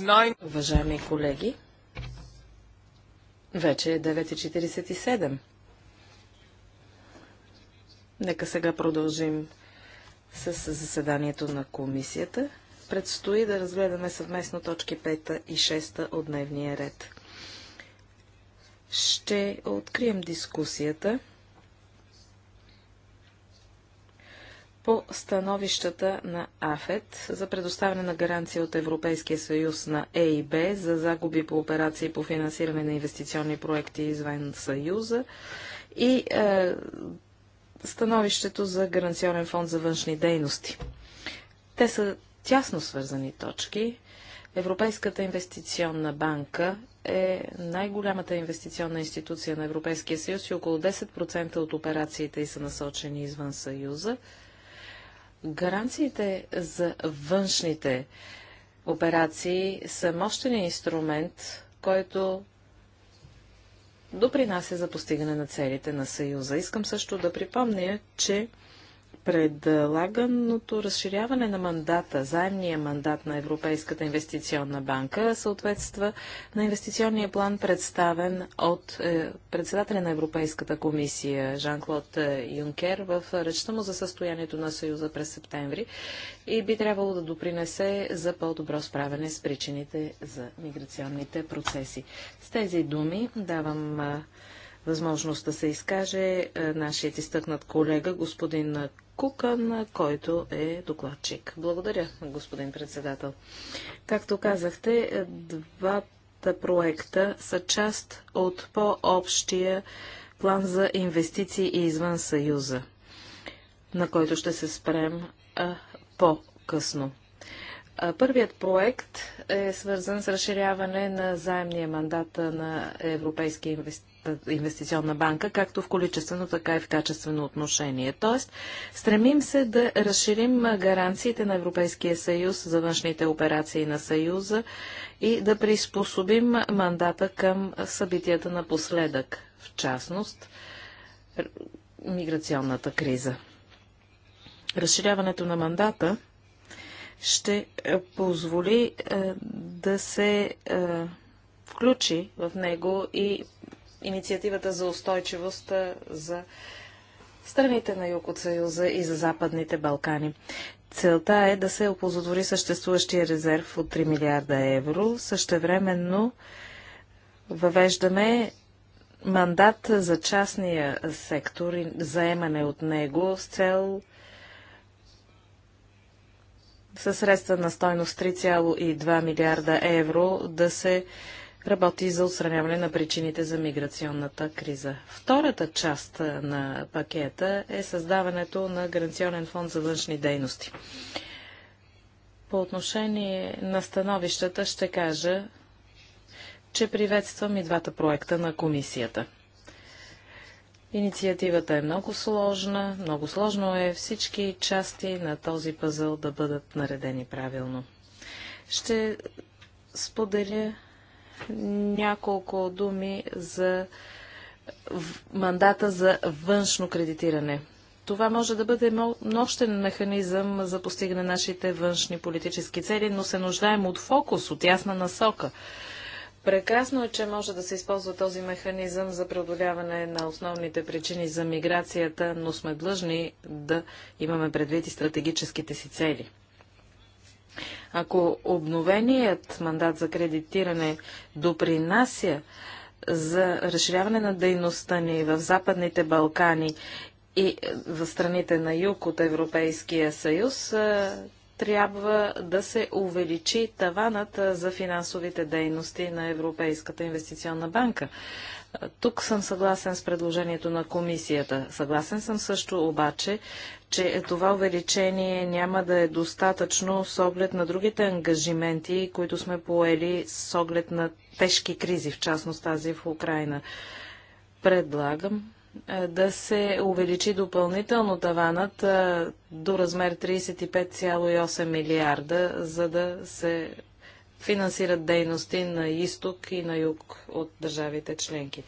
Nine... Уважаеми колеги, вече е 9.47. Нека сега продължим с заседанието на комисията. Предстои да разгледаме съвместно точки 5 и 6 от дневния ред. Ще открием дискусията по становищата на АФЕТ за предоставяне на гаранция от Европейския съюз на ЕИБ за загуби по операции по финансиране на инвестиционни проекти извън Съюза и е, становището за гаранционен фонд за външни дейности. Те са тясно свързани точки. Европейската инвестиционна банка е най-голямата инвестиционна институция на Европейския съюз и около 10% от операциите са насочени извън Съюза. Гаранциите за външните операции са мощен инструмент, който допринася за постигане на целите на Съюза. Искам също да припомня, че предлаганото разширяване на мандата, заемния мандат на Европейската инвестиционна банка съответства на инвестиционния план, представен от е, председателя на Европейската комисия Жан-Клод е, Юнкер в речта му за състоянието на Съюза през септември и би трябвало да допринесе за по-добро справяне с причините за миграционните процеси. С тези думи давам е, възможност да се изкаже е, нашият изтъкнат колега, господин Кукан, който е докладчик. Благодаря, господин председател. Както казахте, е, двата проекта са част от по-общия план за инвестиции извън Съюза, на който ще се спрем по-късно. Първият проект е свързан с разширяване на заемния мандат на Европейския инвестиционна банка, както в количествено, така и в качествено отношение. Тоест, стремим се да разширим гаранциите на Европейския съюз за външните операции на съюза и да приспособим мандата към събитията напоследък, в частност миграционната криза. Разширяването на мандата ще е, позволи е, да се е, включи в него и инициативата за устойчивост за страните на юг от Съюза и за Западните Балкани. Целта е да се опозотвори съществуващия резерв от 3 милиарда евро. Същевременно въвеждаме мандат за частния сектор и заемане от него с цел със средства на стойност 3,2 милиарда евро да се работи за отстраняване на причините за миграционната криза. Втората част на пакета е създаването на гаранционен фонд за външни дейности. По отношение на становищата ще кажа, че приветствам и двата проекта на комисията – Инициативата е много сложна, много сложно е всички части на този пъзъл да бъдат наредени правилно. Ще споделя няколко думи за мандата за външно кредитиране. Това може да бъде нощен механизъм за постигане нашите външни политически цели, но се нуждаем от фокус, от ясна насока. Прекрасно е, че може да се използва този механизъм за преодоляване на основните причини за миграцията, но сме длъжни да имаме предвид и стратегическите си цели. Ако обновеният мандат за кредитиране допринася за разширяване на дейността ни в Западните Балкани и в страните на юг от Европейския съюз, трябва да се увеличи таванът за финансовите дейности на Европейската инвестиционна банка. Тук съм съгласен с предложението на комисията. Съгласен съм също обаче, че това увеличение няма да е достатъчно с оглед на другите ангажименти, които сме поели с оглед на тежки кризи, в частност тази в Украина. Предлагам е, да се увеличи допълнително таванът е, до размер 35,8 милиарда, за да се финансират дейности на изток и на юг от държавите членки.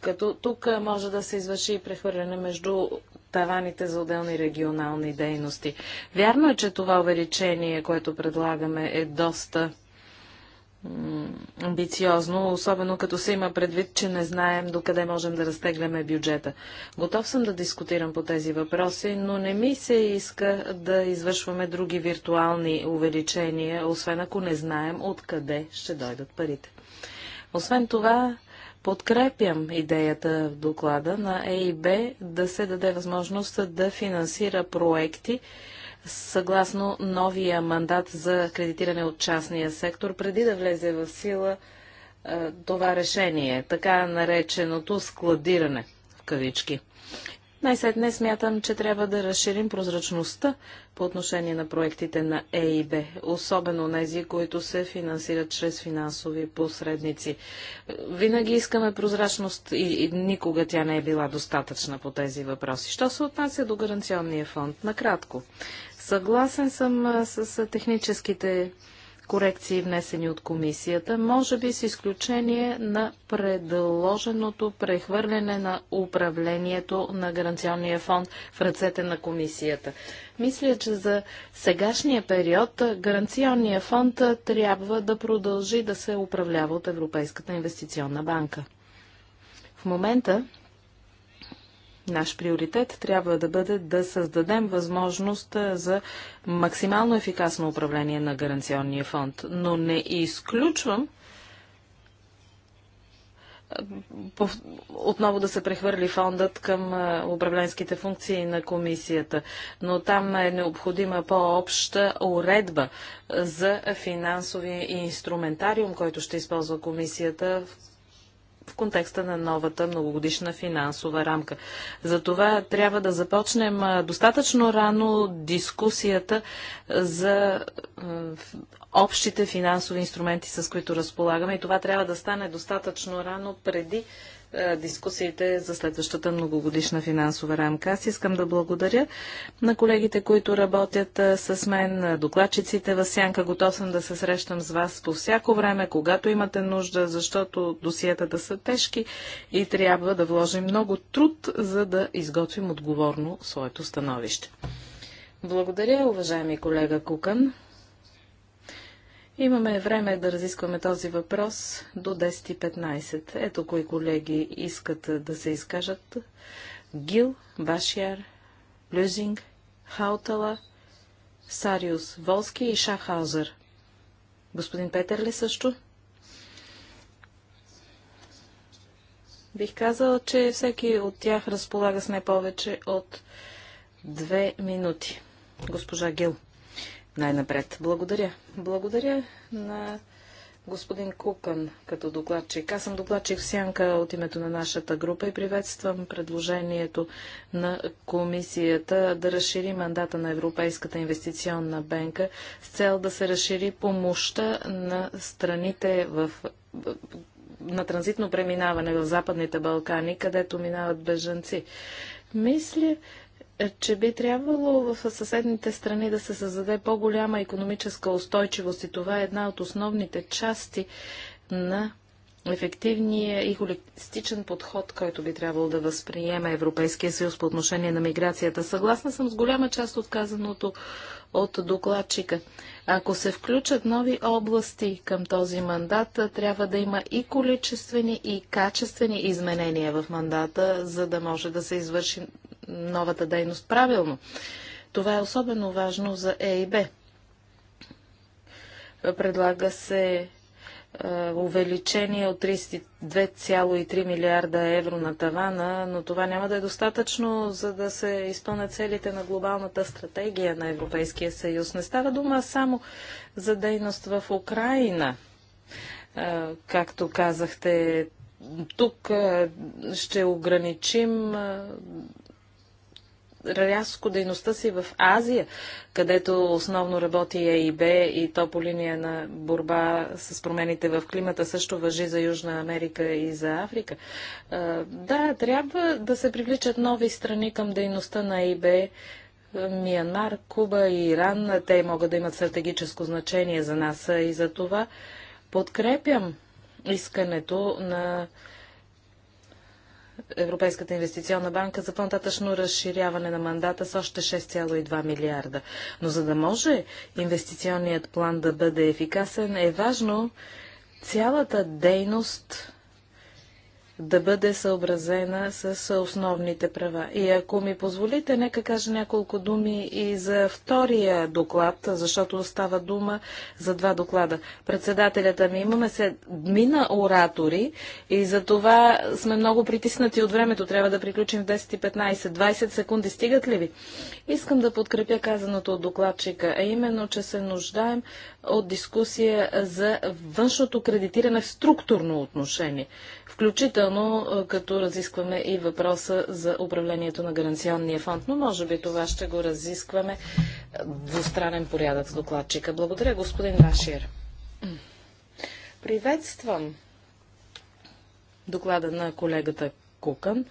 Като тук може да се извърши и прехвърляне между таваните за отделни регионални дейности. Вярно е, че това увеличение, което предлагаме, е доста амбициозно, особено като се има предвид, че не знаем докъде можем да разтегляме бюджета. Готов съм да дискутирам по тези въпроси, но не ми се иска да извършваме други виртуални увеличения, освен ако не знаем откъде ще дойдат парите. Освен това, подкрепям идеята в доклада на ЕИБ да се даде възможност да финансира проекти, съгласно новия мандат за кредитиране от частния сектор, преди да влезе в сила това решение, така нареченото складиране в кавички. Най-сетне смятам, че трябва да разширим прозрачността по отношение на проектите на Е и Б, особено тези, които се финансират чрез финансови посредници. Винаги искаме прозрачност и, и никога тя не е била достатъчна по тези въпроси. Що се отнася до гаранционния фонд? Накратко. Съгласен съм с техническите корекции, внесени от комисията, може би с изключение на предложеното прехвърляне на управлението на гаранционния фонд в ръцете на комисията. Мисля, че за сегашния период гаранционния фонд трябва да продължи да се управлява от Европейската инвестиционна банка. В момента Наш приоритет трябва да бъде да създадем възможност за максимално ефикасно управление на гаранционния фонд, но не изключвам отново да се прехвърли фондът към управленските функции на комисията. Но там е необходима по-обща уредба за финансовия инструментариум, който ще използва комисията в контекста на новата многогодишна финансова рамка. Затова трябва да започнем достатъчно рано дискусията за общите финансови инструменти, с които разполагаме. И това трябва да стане достатъчно рано преди дискусиите за следващата многогодишна финансова рамка. Аз искам да благодаря на колегите, които работят с мен, докладчиците в Сянка. Готов съм да се срещам с вас по всяко време, когато имате нужда, защото досиетата са тежки и трябва да вложим много труд, за да изготвим отговорно своето становище. Благодаря, уважаеми колега Кукан. Имаме време да разискваме този въпрос до 10.15. Ето кои колеги искат да се изкажат. Гил, Башияр, Люзинг, Хаутала, Сариус, Волски и Шахаузер. Господин Петър ли също? Бих казал, че всеки от тях разполага с не повече от две минути. Госпожа Гил най-напред. Благодаря. Благодаря на господин Кукън като докладчик. Аз съм докладчик Сянка от името на нашата група и приветствам предложението на комисията да разшири мандата на Европейската инвестиционна банка с цел да се разшири помощта на страните в на транзитно преминаване в Западните Балкани, където минават бежанци. Мисля, че би трябвало в съседните страни да се създаде по-голяма економическа устойчивост и това е една от основните части на ефективния и холистичен подход, който би трябвало да възприеме Европейския съюз по отношение на миграцията. Съгласна съм с голяма част от казаното от докладчика. Ако се включат нови области към този мандат, трябва да има и количествени, и качествени изменения в мандата, за да може да се извърши новата дейност правилно. Това е особено важно за е Б. Предлага се увеличение от 32,3 милиарда евро на тавана, но това няма да е достатъчно, за да се изпълнят целите на глобалната стратегия на Европейския съюз. Не става дума само за дейност в Украина. Както казахте, тук ще ограничим рязко дейността си в Азия, където основно работи ЕИБ и то по линия на борба с промените в климата също въжи за Южна Америка и за Африка. Да, трябва да се привличат нови страни към дейността на ЕИБ. Миянмар, Куба и Иран, те могат да имат стратегическо значение за нас и за това подкрепям искането на Европейската инвестиционна банка за по-нататъчно разширяване на мандата с още 6,2 милиарда. Но за да може инвестиционният план да бъде ефикасен, е важно цялата дейност да бъде съобразена с основните права. И ако ми позволите, нека кажа няколко думи и за втория доклад, защото става дума за два доклада. Председателята ми имаме мина оратори и за това сме много притиснати от времето. Трябва да приключим в 10.15. 20 секунди стигат ли ви? Искам да подкрепя казаното от докладчика, а именно, че се нуждаем от дискусия за външното кредитиране в структурно отношение включително като разискваме и въпроса за управлението на гаранционния фонд, но може би това ще го разискваме двустранен порядък с докладчика. Благодаря, господин Вашир. Приветствам доклада на колегата Кукан.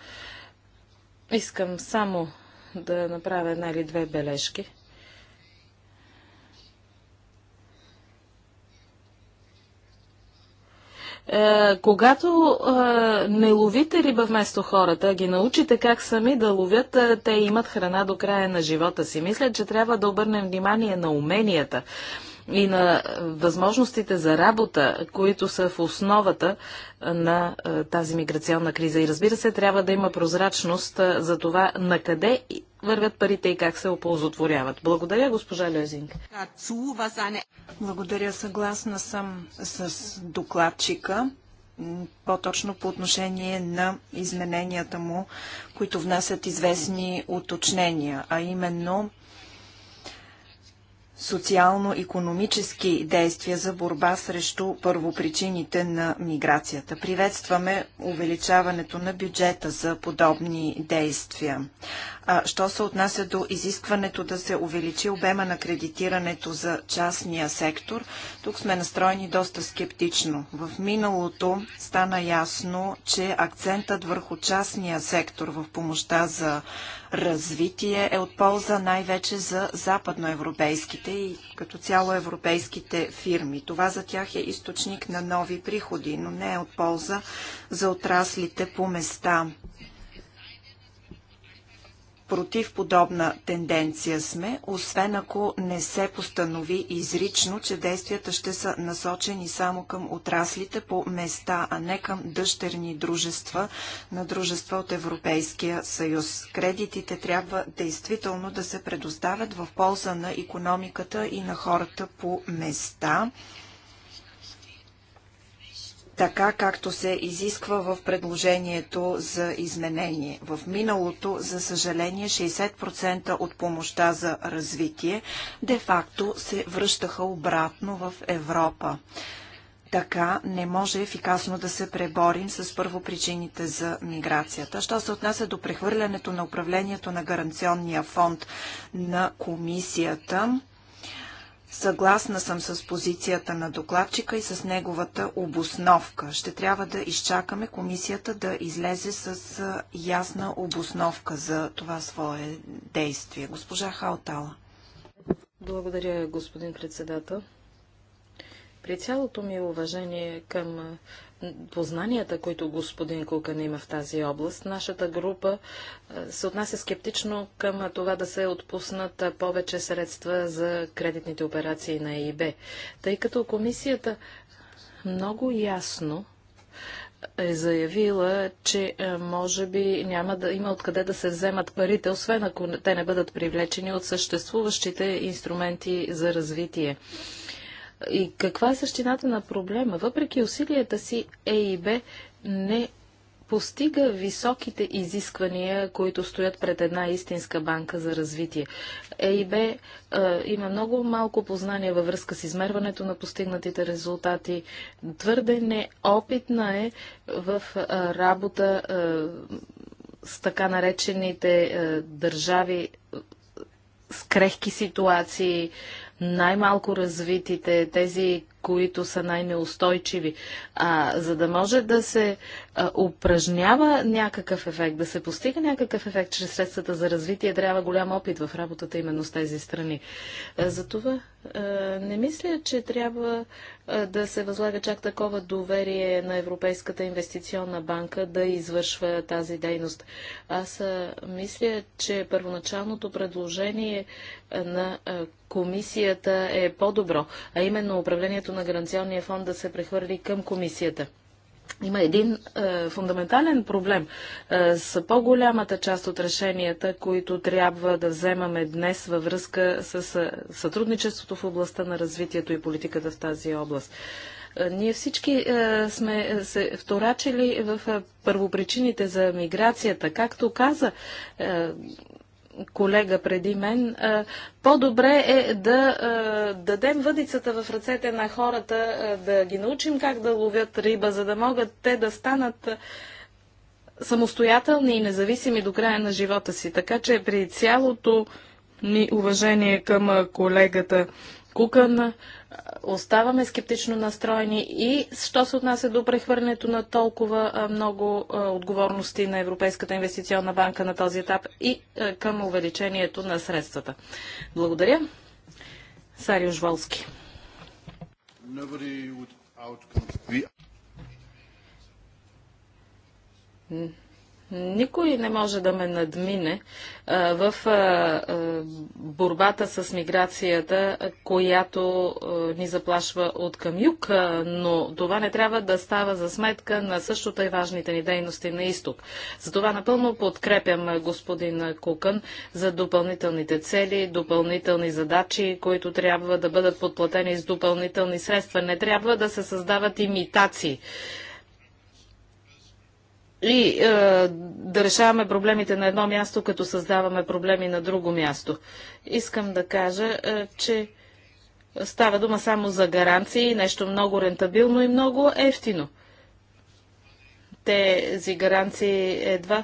Искам само да направя една или две бележки. Е, когато е, не ловите риба вместо хората, ги научите как сами да ловят, е, те имат храна до края на живота си. Мисля, че трябва да обърнем внимание на уменията, и на възможностите за работа, които са в основата на тази миграционна криза. И разбира се, трябва да има прозрачност за това на къде вървят парите и как се оползотворяват. Благодаря, госпожа Лезинг. Благодаря, съгласна съм с докладчика по-точно по отношение на измененията му, които внасят известни уточнения, а именно социално-економически действия за борба срещу първопричините на миграцията. Приветстваме увеличаването на бюджета за подобни действия. А, що се отнася до изискването да се увеличи обема на кредитирането за частния сектор, тук сме настроени доста скептично. В миналото стана ясно, че акцентът върху частния сектор в помощта за развитие е от полза най-вече за западноевропейските и като цяло европейските фирми. Това за тях е източник на нови приходи, но не е от полза за отраслите по места. Против подобна тенденция сме, освен ако не се постанови изрично, че действията ще са насочени само към отраслите по места, а не към дъщерни дружества на дружества от Европейския съюз. Кредитите трябва действително да се предоставят в полза на економиката и на хората по места така както се изисква в предложението за изменение. В миналото, за съжаление, 60% от помощта за развитие де-факто се връщаха обратно в Европа. Така не може ефикасно да се преборим с първопричините за миграцията. Що се отнася до прехвърлянето на управлението на гаранционния фонд на комисията, Съгласна съм с позицията на докладчика и с неговата обосновка. Ще трябва да изчакаме комисията да излезе с ясна обосновка за това свое действие. Госпожа Халтала. Благодаря, господин председател. При цялото ми уважение към познанията, които господин Кукан има в тази област, нашата група е, се отнася скептично към това да се отпуснат повече средства за кредитните операции на ЕИБ, тъй като комисията много ясно е заявила, че е, може би няма да има откъде да се вземат парите, освен ако те не бъдат привлечени от съществуващите инструменти за развитие. И каква е същината на проблема? Въпреки усилията си, е Б не постига високите изисквания, които стоят пред една истинска банка за развитие. Е Б е, има много малко познание във връзка с измерването на постигнатите резултати. Твърде неопитна е в е, работа е, с така наречените е, държави с крехки ситуации, най-малко развитите, тези, които са най-неустойчиви, а, за да може да се а, упражнява някакъв ефект, да се постига някакъв ефект чрез средствата за развитие, трябва голям опит в работата именно с тези страни. А, затова а, не мисля, че трябва да се възлага чак такова доверие на Европейската инвестиционна банка да извършва тази дейност. Аз мисля, че първоначалното предложение на комисията е по-добро, а именно управлението на гаранционния фонд да се прехвърли към комисията. Има един е, фундаментален проблем е, с по-голямата част от решенията, които трябва да вземаме днес във връзка с е, сътрудничеството в областта на развитието и политиката в тази област. Е, ние всички е, сме се вторачили в е, първопричините за миграцията. Както каза е, колега преди мен, по-добре е да дадем въдицата в ръцете на хората, да ги научим как да ловят риба, за да могат те да станат самостоятелни и независими до края на живота си. Така че при цялото ми уважение към колегата Кукан, оставаме скептично настроени и що се отнася до прехвърлянето на толкова много отговорности на Европейската инвестиционна банка на този етап и към увеличението на средствата. Благодаря. Сариуш Волски. Никой не може да ме надмине а, в а, борбата с миграцията, която а, ни заплашва от към юг, но това не трябва да става за сметка на същото и важните ни дейности на изток. Затова напълно подкрепям господин Кукън за допълнителните цели, допълнителни задачи, които трябва да бъдат подплатени с допълнителни средства. Не трябва да се създават имитации и е, да решаваме проблемите на едно място, като създаваме проблеми на друго място. Искам да кажа, е, че става дума само за гаранции, нещо много рентабилно и много ефтино. Тези гаранции едва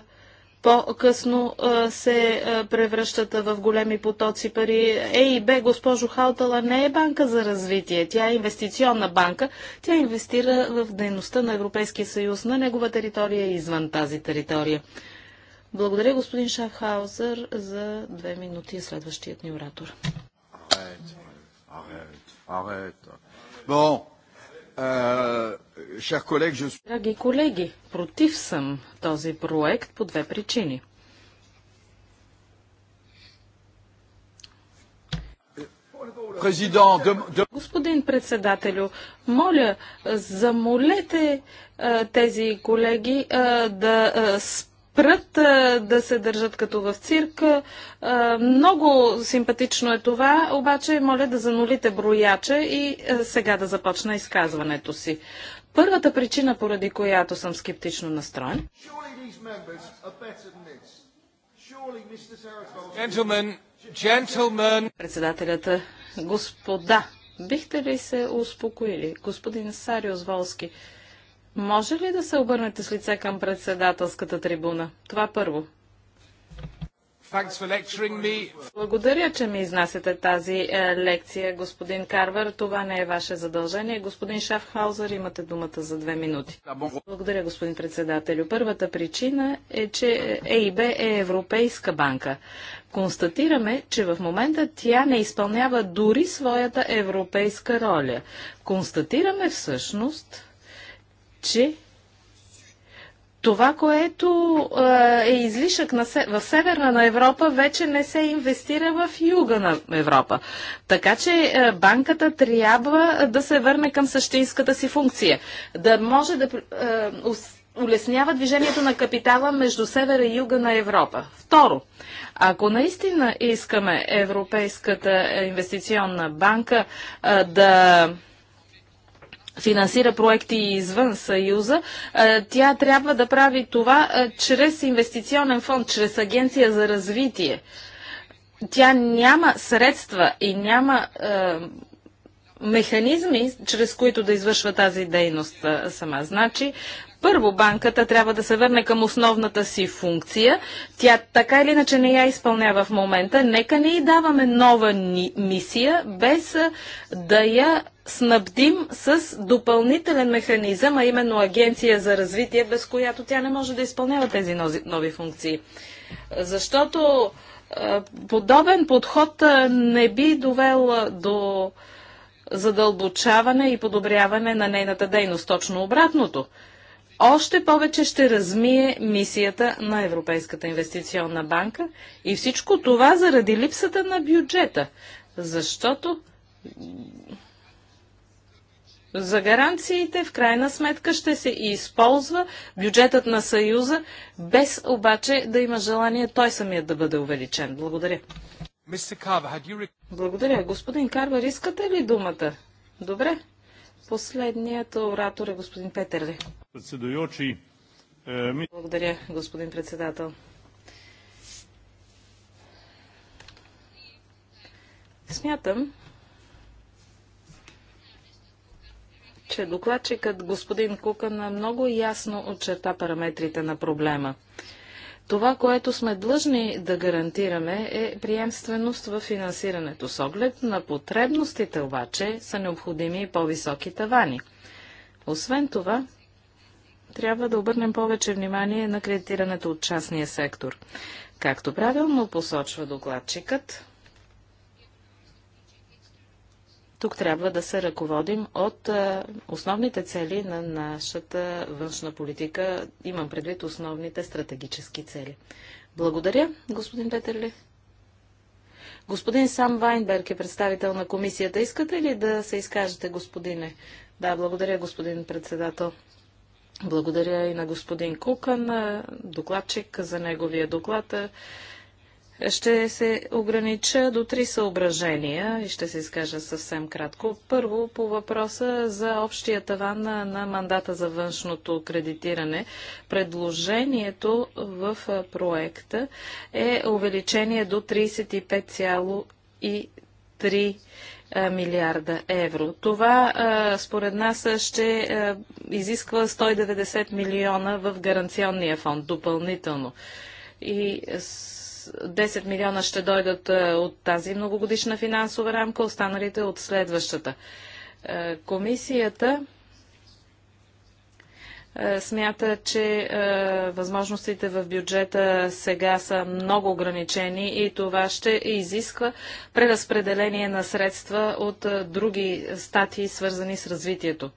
по-късно се превръщат в големи потоци пари. бе, госпожо Халтала, не е банка за развитие. Тя е инвестиционна банка. Тя инвестира в дейността на Европейския съюз, на негова територия и извън тази територия. Благодаря, господин Шафхаузер, за две минути следващият ни оратор. arrête, arrête. Bon, Драги колеги, против съм този проект по две причини. Господин председателю, моля, замолете тези колеги да спрят спрат да се държат като в цирк. Много симпатично е това, обаче моля да занулите брояче и сега да започна изказването си. Първата причина, поради която съм скептично настроен. Gentlemen, gentlemen. Председателята, господа, бихте ли се успокоили? Господин Сариус Волски, може ли да се обърнете с лице към председателската трибуна? Това първо. Благодаря, че ми изнасяте тази е, лекция, господин Карвер. Това не е ваше задължение. Господин Шафхаузер, имате думата за две минути. Благодаря, господин председателю. Първата причина е, че ЕИБ е Европейска банка. Констатираме, че в момента тя не изпълнява дори своята европейска роля. Констатираме всъщност, че това, което е излишък на, в северна Европа, вече не се инвестира в юга на Европа. Така че банката трябва да се върне към същинската си функция. Да може да улеснява движението на капитала между севера и юга на Европа. Второ, ако наистина искаме Европейската инвестиционна банка да финансира проекти извън Съюза, тя трябва да прави това чрез инвестиционен фонд, чрез агенция за развитие. Тя няма средства и няма механизми, чрез които да извършва тази дейност сама. Значи, първо банката трябва да се върне към основната си функция. Тя така или иначе не я изпълнява в момента. Нека не й даваме нова ни мисия, без да я снабдим с допълнителен механизъм, а именно агенция за развитие, без която тя не може да изпълнява тези нови функции. Защото подобен подход не би довел до задълбочаване и подобряване на нейната дейност. Точно обратното. Още повече ще размие мисията на Европейската инвестиционна банка и всичко това заради липсата на бюджета. Защото за гаранциите в крайна сметка ще се използва бюджетът на Съюза, без обаче да има желание той самият да бъде увеличен. Благодаря. Благодаря. Господин Карвар, искате ли думата? Добре. Последният оратор е господин Петерли. Е, Благодаря, господин председател. Смятам, че докладчикът господин Кукан много ясно отчерта параметрите на проблема. Това, което сме длъжни да гарантираме е приемственост в финансирането. С оглед на потребностите обаче са необходими и по-високи тавани. Освен това, трябва да обърнем повече внимание на кредитирането от частния сектор. Както правилно посочва докладчикът, Тук трябва да се ръководим от основните цели на нашата външна политика. Имам предвид основните стратегически цели. Благодаря, господин Петерли. Господин Сам Вайнберг е представител на комисията. Искате ли да се изкажете, господине? Да, благодаря, господин председател. Благодаря и на господин Кукан, докладчик, за неговия доклад. Ще се огранича до три съображения и ще се изкажа съвсем кратко. Първо, по въпроса за общия таван на, на мандата за външното кредитиране. Предложението в проекта е увеличение до 35,3 милиарда евро. Това според нас ще изисква 190 милиона в гаранционния фонд допълнително. И с 10 милиона ще дойдат е, от тази многогодишна финансова рамка, останалите от следващата. Е, комисията е, смята, че възможностите в бюджета сега са много ограничени и това ще изисква преразпределение на средства от други статии, свързани с развитието.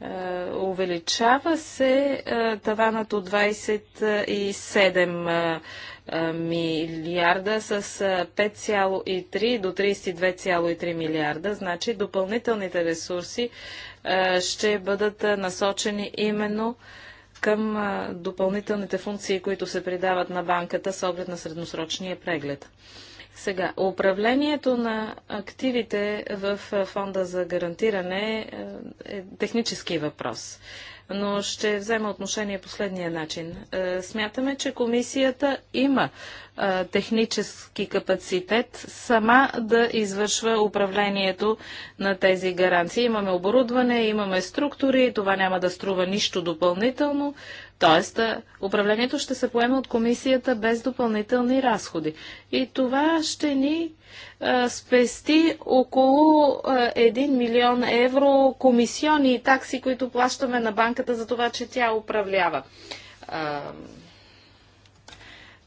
Е, увеличава се е, таванът от 27 е, милиарда с 5,3 до 32,3 милиарда. Значи допълнителните ресурси ще бъдат насочени именно към допълнителните функции, които се придават на банката с оглед на средносрочния преглед. Сега, управлението на активите в фонда за гарантиране е, е технически въпрос но ще взема отношение последния начин. Е, смятаме, че комисията има е, технически капацитет сама да извършва управлението на тези гаранции. Имаме оборудване, имаме структури, това няма да струва нищо допълнително. Тоест, управлението ще се поеме от комисията без допълнителни разходи. И това ще ни а, спести около а, 1 милион евро комисиони и такси, които плащаме на банката за това, че тя управлява а,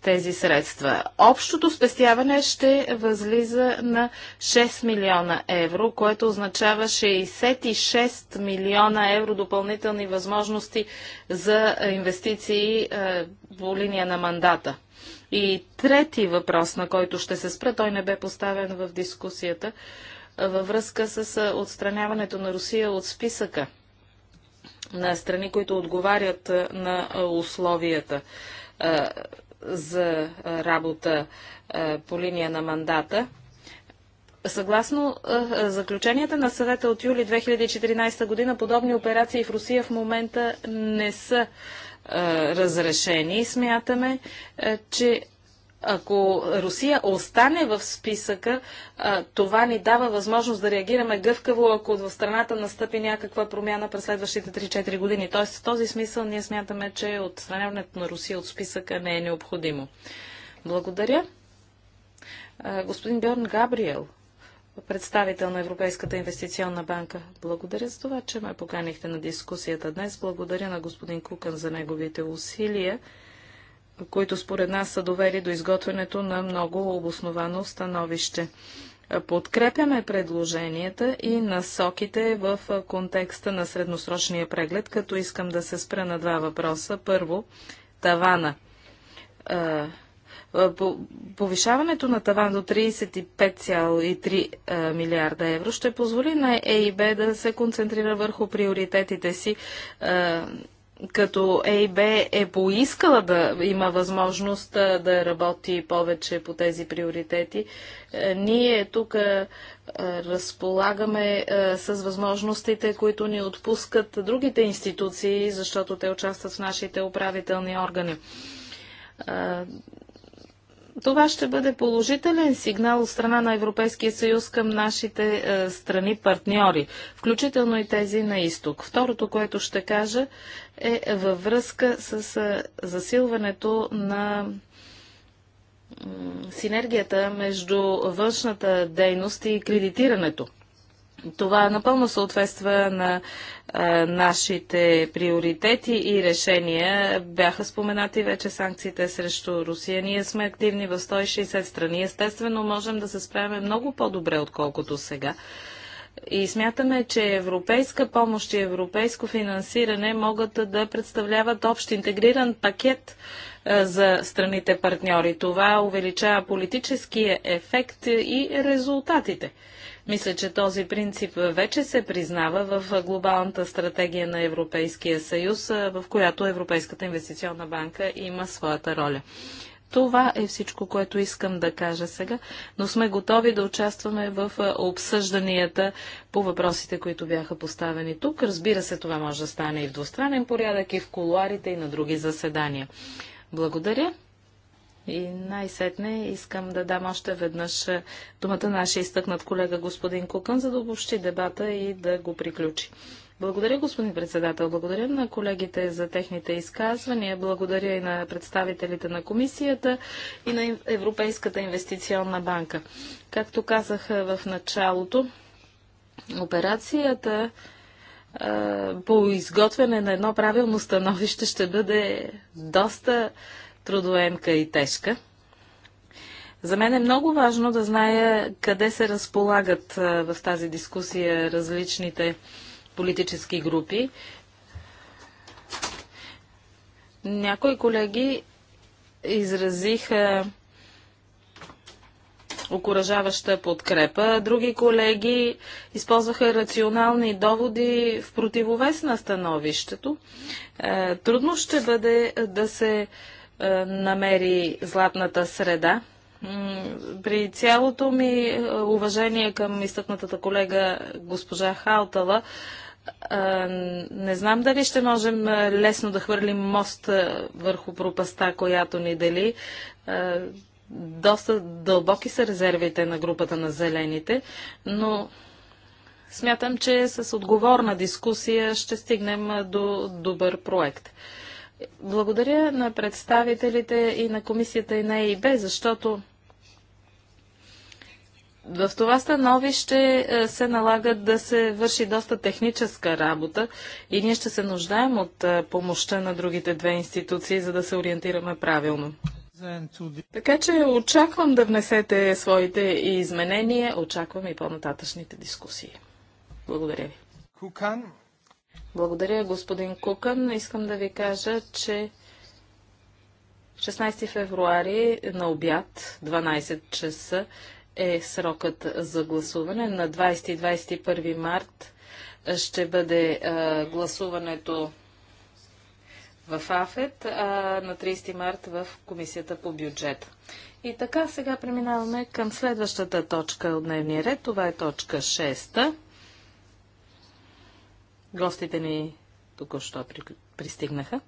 тези средства. Общото спестяване ще възлиза на 6 милиона евро, което означава 66 милиона евро допълнителни възможности за инвестиции е, по линия на мандата. И трети въпрос, на който ще се спра, той не бе поставен в дискусията, е, във връзка с е, отстраняването на Русия от списъка на страни, които отговарят е, на условията за е, работа е, по линия на мандата. Съгласно е, заключенията на съвета от юли 2014 година, подобни операции в Русия в момента не са разрешени. Смятаме, че ако Русия остане в списъка, това ни дава възможност да реагираме гъвкаво, ако в страната настъпи някаква промяна през следващите 3-4 години. Тоест, в този смисъл ние смятаме, че отстраняването на Русия от списъка не е необходимо. Благодаря. Господин Бьорн Габриел, представител на Европейската инвестиционна банка. Благодаря за това, че ме поканихте на дискусията днес. Благодаря на господин Кукан за неговите усилия които според нас са довели до изготвянето на много обосновано становище. Подкрепяме предложенията и насоките в контекста на средносрочния преглед, като искам да се спра на два въпроса. Първо, тавана. Повишаването на таван до 35,3 милиарда евро ще позволи на ЕИБ да се концентрира върху приоритетите си като ЕИБ е поискала да има възможност да работи повече по тези приоритети, е, ние тук разполагаме с възможностите, които ни отпускат другите институции, защото те участват в нашите управителни органи това ще бъде положителен сигнал от страна на Европейския съюз към нашите е, страни партньори, включително и тези на изток. Второто, което ще кажа, е във връзка с е, засилването на синергията между външната дейност и кредитирането. Това напълно съответства на а, нашите приоритети и решения. Бяха споменати вече санкциите срещу Русия. Ние сме активни в 160 страни. Естествено, можем да се справим много по-добре, отколкото сега. И смятаме, че европейска помощ и европейско финансиране могат да представляват общ интегриран пакет за страните партньори. Това увеличава политическия ефект и резултатите. Мисля, че този принцип вече се признава в глобалната стратегия на Европейския съюз, в която Европейската инвестиционна банка има своята роля. Това е всичко, което искам да кажа сега, но сме готови да участваме в обсъжданията по въпросите, които бяха поставени тук. Разбира се, това може да стане и в двустранен порядък, и в колуарите, и на други заседания. Благодаря. И най-сетне искам да дам още веднъж е, думата на нашия изтъкнат колега господин Кукън, за да обобщи дебата и да го приключи. Благодаря, господин председател. Благодаря на колегите за техните изказвания. Благодаря и на представителите на комисията и на Европейската инвестиционна банка. Както казах в началото, операцията е, по изготвяне на едно правилно становище ще бъде доста трудоемка и тежка. За мен е много важно да зная къде се разполагат в тази дискусия различните политически групи. Някои колеги изразиха окоръжаваща подкрепа. Други колеги използваха рационални доводи в противовес на становището. Е, трудно ще бъде да се е, намери златната среда. При цялото ми е, уважение към изтъкнатата колега госпожа Халтала, е, не знам дали ще можем лесно да хвърлим мост върху пропаста, която ни дели. Доста дълбоки са резервите на групата на зелените, но смятам, че с отговорна дискусия ще стигнем до добър проект. Благодаря на представителите и на комисията и на ЕИБ, защото в това становище е, се налага да се върши доста техническа работа и ние ще се нуждаем от е, помощта на другите две институции, за да се ориентираме правилно. Така че очаквам да внесете своите изменения, очаквам и по-нататъчните дискусии. Благодаря ви. Благодаря, господин Кукън. Искам да ви кажа, че 16 февруари на обяд, 12 часа, е срокът за гласуване. На 20 и 21 март ще бъде а, гласуването в АФЕТ, а на 30 март в Комисията по бюджет. И така, сега преминаваме към следващата точка от дневния ред. Това е точка 6. Гостите ни току-що пристигнаха.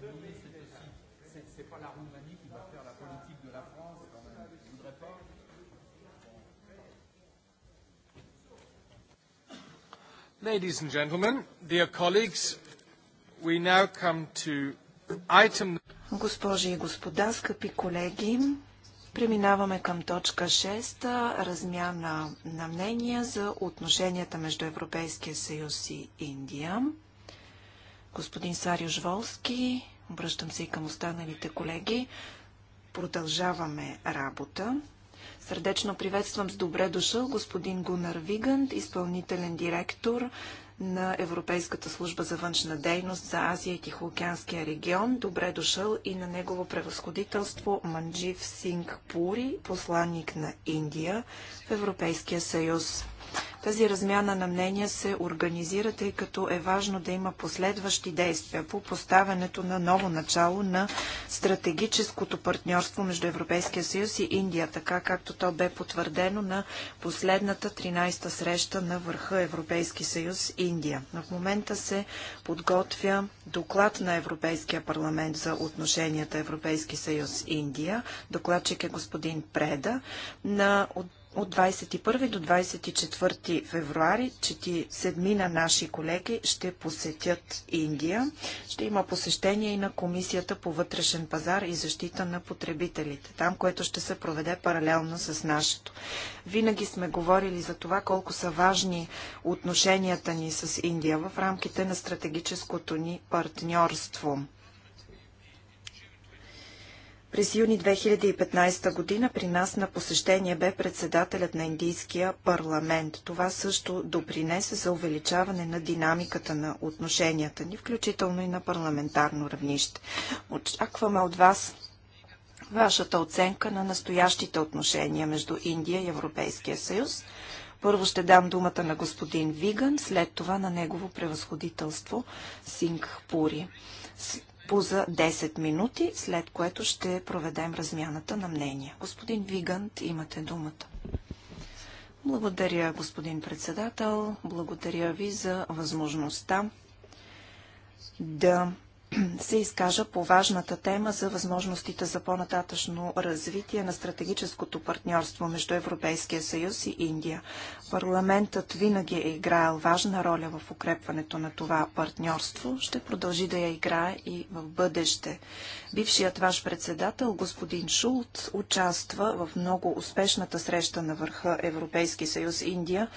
Roumanie, c'est, c'est pas la Roumanie qui va faire la politique de la France quand même. Je voudrais pas. Ladies and gentlemen, dear colleagues, we now come to item... Госпожи и господа, скъпи колеги, Преминаваме към точка 6. Размяна на мнения за отношенията между Европейския съюз и Индия. Господин Сарио Волски, обръщам се и към останалите колеги. Продължаваме работа. Сърдечно приветствам с добре дошъл господин Гунар Вигант, изпълнителен директор на Европейската служба за външна дейност за Азия и Тихоокеанския регион. Добре дошъл и на негово превъзходителство Манджив Синг Пури, посланник на Индия в Европейския съюз. Тази размяна на мнения се организира, тъй като е важно да има последващи действия по поставянето на ново начало на стратегическото партньорство между Европейския съюз и Индия, така както то бе потвърдено на последната 13-та среща на върха Европейски съюз Индия. В момента се подготвя доклад на Европейския парламент за отношенията Европейски съюз Индия. Докладчик е господин Преда. На от 21 до 24 февруари чети седмина наши колеги ще посетят Индия. Ще има посещение и на Комисията по вътрешен пазар и защита на потребителите, там, което ще се проведе паралелно с нашето. Винаги сме говорили за това колко са важни отношенията ни с Индия в рамките на стратегическото ни партньорство. През юни 2015 година при нас на посещение бе председателят на Индийския парламент. Това също допринесе за увеличаване на динамиката на отношенията ни, включително и на парламентарно равнище. Очакваме от вас вашата оценка на настоящите отношения между Индия и Европейския съюз. Първо ще дам думата на господин Виган, след това на негово превъзходителство Сингпури поза 10 минути, след което ще проведем размяната на мнения. Господин Вигант, имате думата. Благодаря, господин председател. Благодаря ви за възможността да се изкажа по важната тема за възможностите за по-нататъчно развитие на стратегическото партньорство между Европейския съюз и Индия. Парламентът винаги е играел важна роля в укрепването на това партньорство. Ще продължи да я играе и в бъдеще. Бившият ваш председател, господин Шулт, участва в много успешната среща на върха Европейски съюз Индия,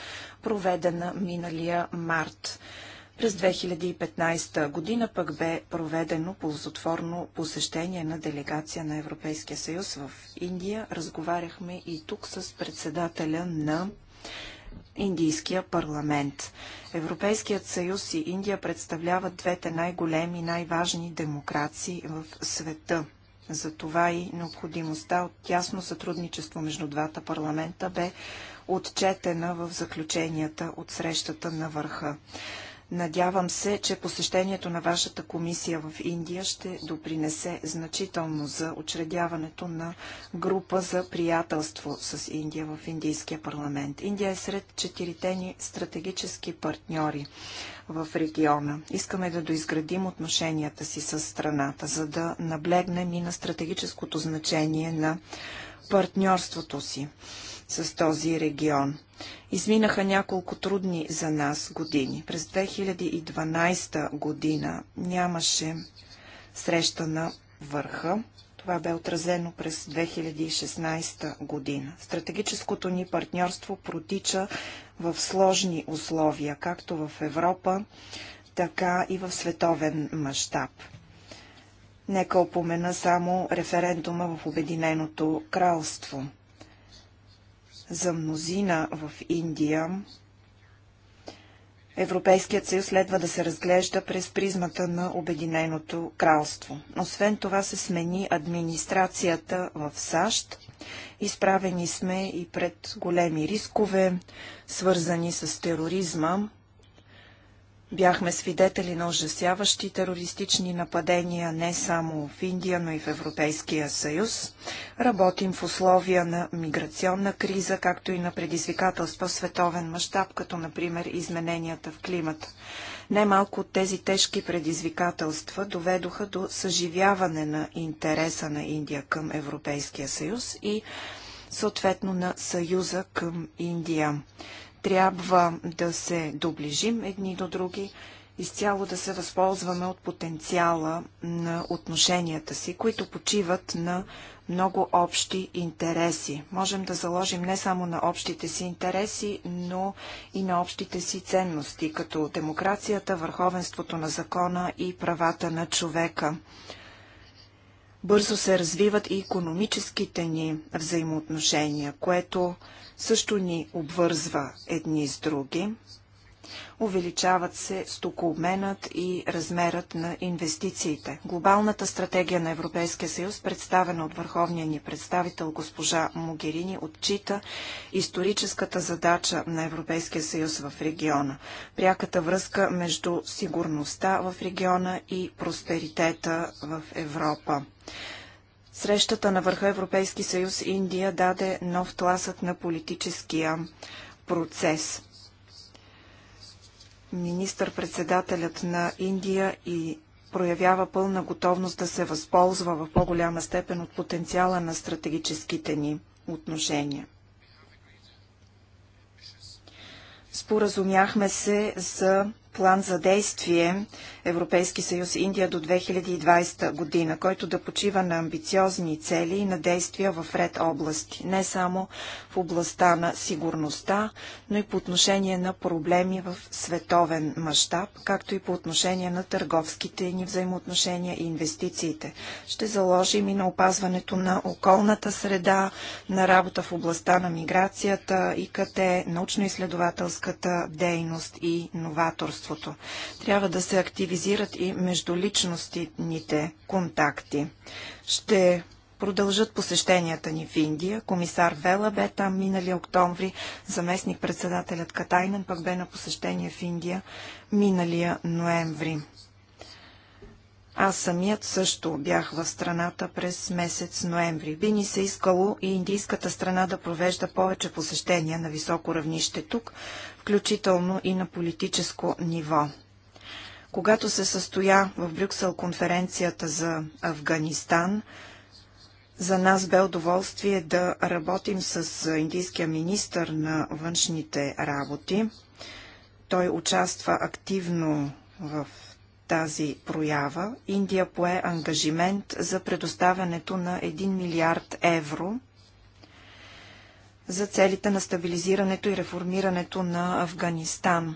проведена миналия март. През 2015 година пък бе проведено ползотворно посещение на делегация на Европейския съюз в Индия. Разговаряхме и тук с председателя на Индийския парламент. Европейският съюз и Индия представляват двете най-големи, най-важни демокрации в света. Затова и необходимостта от тясно сътрудничество между двата парламента бе отчетена в заключенията от срещата на върха. Надявам се, че посещението на вашата комисия в Индия ще допринесе значително за учредяването на група за приятелство с Индия в Индийския парламент. Индия е сред четирите ни стратегически партньори в региона. Искаме да доизградим отношенията си с страната, за да наблегнем и на стратегическото значение на партньорството си с този регион. Изминаха няколко трудни за нас години. През 2012 година нямаше среща на върха. Това бе отразено през 2016 година. Стратегическото ни партньорство протича в сложни условия, както в Европа, така и в световен мащаб. Нека опомена само референдума в Обединеното кралство – за мнозина в Индия Европейският съюз следва да се разглежда през призмата на Обединеното кралство. Освен това се смени администрацията в САЩ. Изправени сме и пред големи рискове, свързани с тероризма, Бяхме свидетели на ужасяващи терористични нападения не само в Индия, но и в Европейския съюз. Работим в условия на миграционна криза, както и на предизвикателства в световен мащаб, като например измененията в климата. Немалко от тези тежки предизвикателства доведоха до съживяване на интереса на Индия към Европейския съюз и съответно на Съюза към Индия. Трябва да се доближим едни до други, изцяло да се възползваме от потенциала на отношенията си, които почиват на много общи интереси. Можем да заложим не само на общите си интереси, но и на общите си ценности, като демокрацията, върховенството на закона и правата на човека. Бързо се развиват и економическите ни взаимоотношения, което също ни обвързва едни с други. Увеличават се стокообменът и размерът на инвестициите. Глобалната стратегия на Европейския съюз, представена от върховния ни представител госпожа Могерини, отчита историческата задача на Европейския съюз в региона. Пряката връзка между сигурността в региона и просперитета в Европа. Срещата на върха Европейски съюз и Индия даде нов тласък на политическия процес. Министър-председателят на Индия и проявява пълна готовност да се възползва в по-голяма степен от потенциала на стратегическите ни отношения. Споразумяхме се за план за действие Европейски съюз Индия до 2020 година, който да почива на амбициозни цели и на действия в ред области, не само в областта на сигурността, но и по отношение на проблеми в световен мащаб, както и по отношение на търговските ни взаимоотношения и инвестициите. Ще заложим и на опазването на околната среда, на работа в областта на миграцията, и къде научно-изследователската дейност и новаторството. Трябва да се активи активизират и междуличностните контакти. Ще продължат посещенията ни в Индия. Комисар Вела бе там минали октомври, заместник-председателят Катайнен пък бе на посещение в Индия миналия ноември. Аз самият също бях в страната през месец ноември. Би ни се искало и индийската страна да провежда повече посещения на високо равнище тук, включително и на политическо ниво. Когато се състоя в Брюксел конференцията за Афганистан, за нас бе удоволствие да работим с индийския министр на външните работи. Той участва активно в тази проява. Индия пое ангажимент за предоставянето на 1 милиард евро за целите на стабилизирането и реформирането на Афганистан.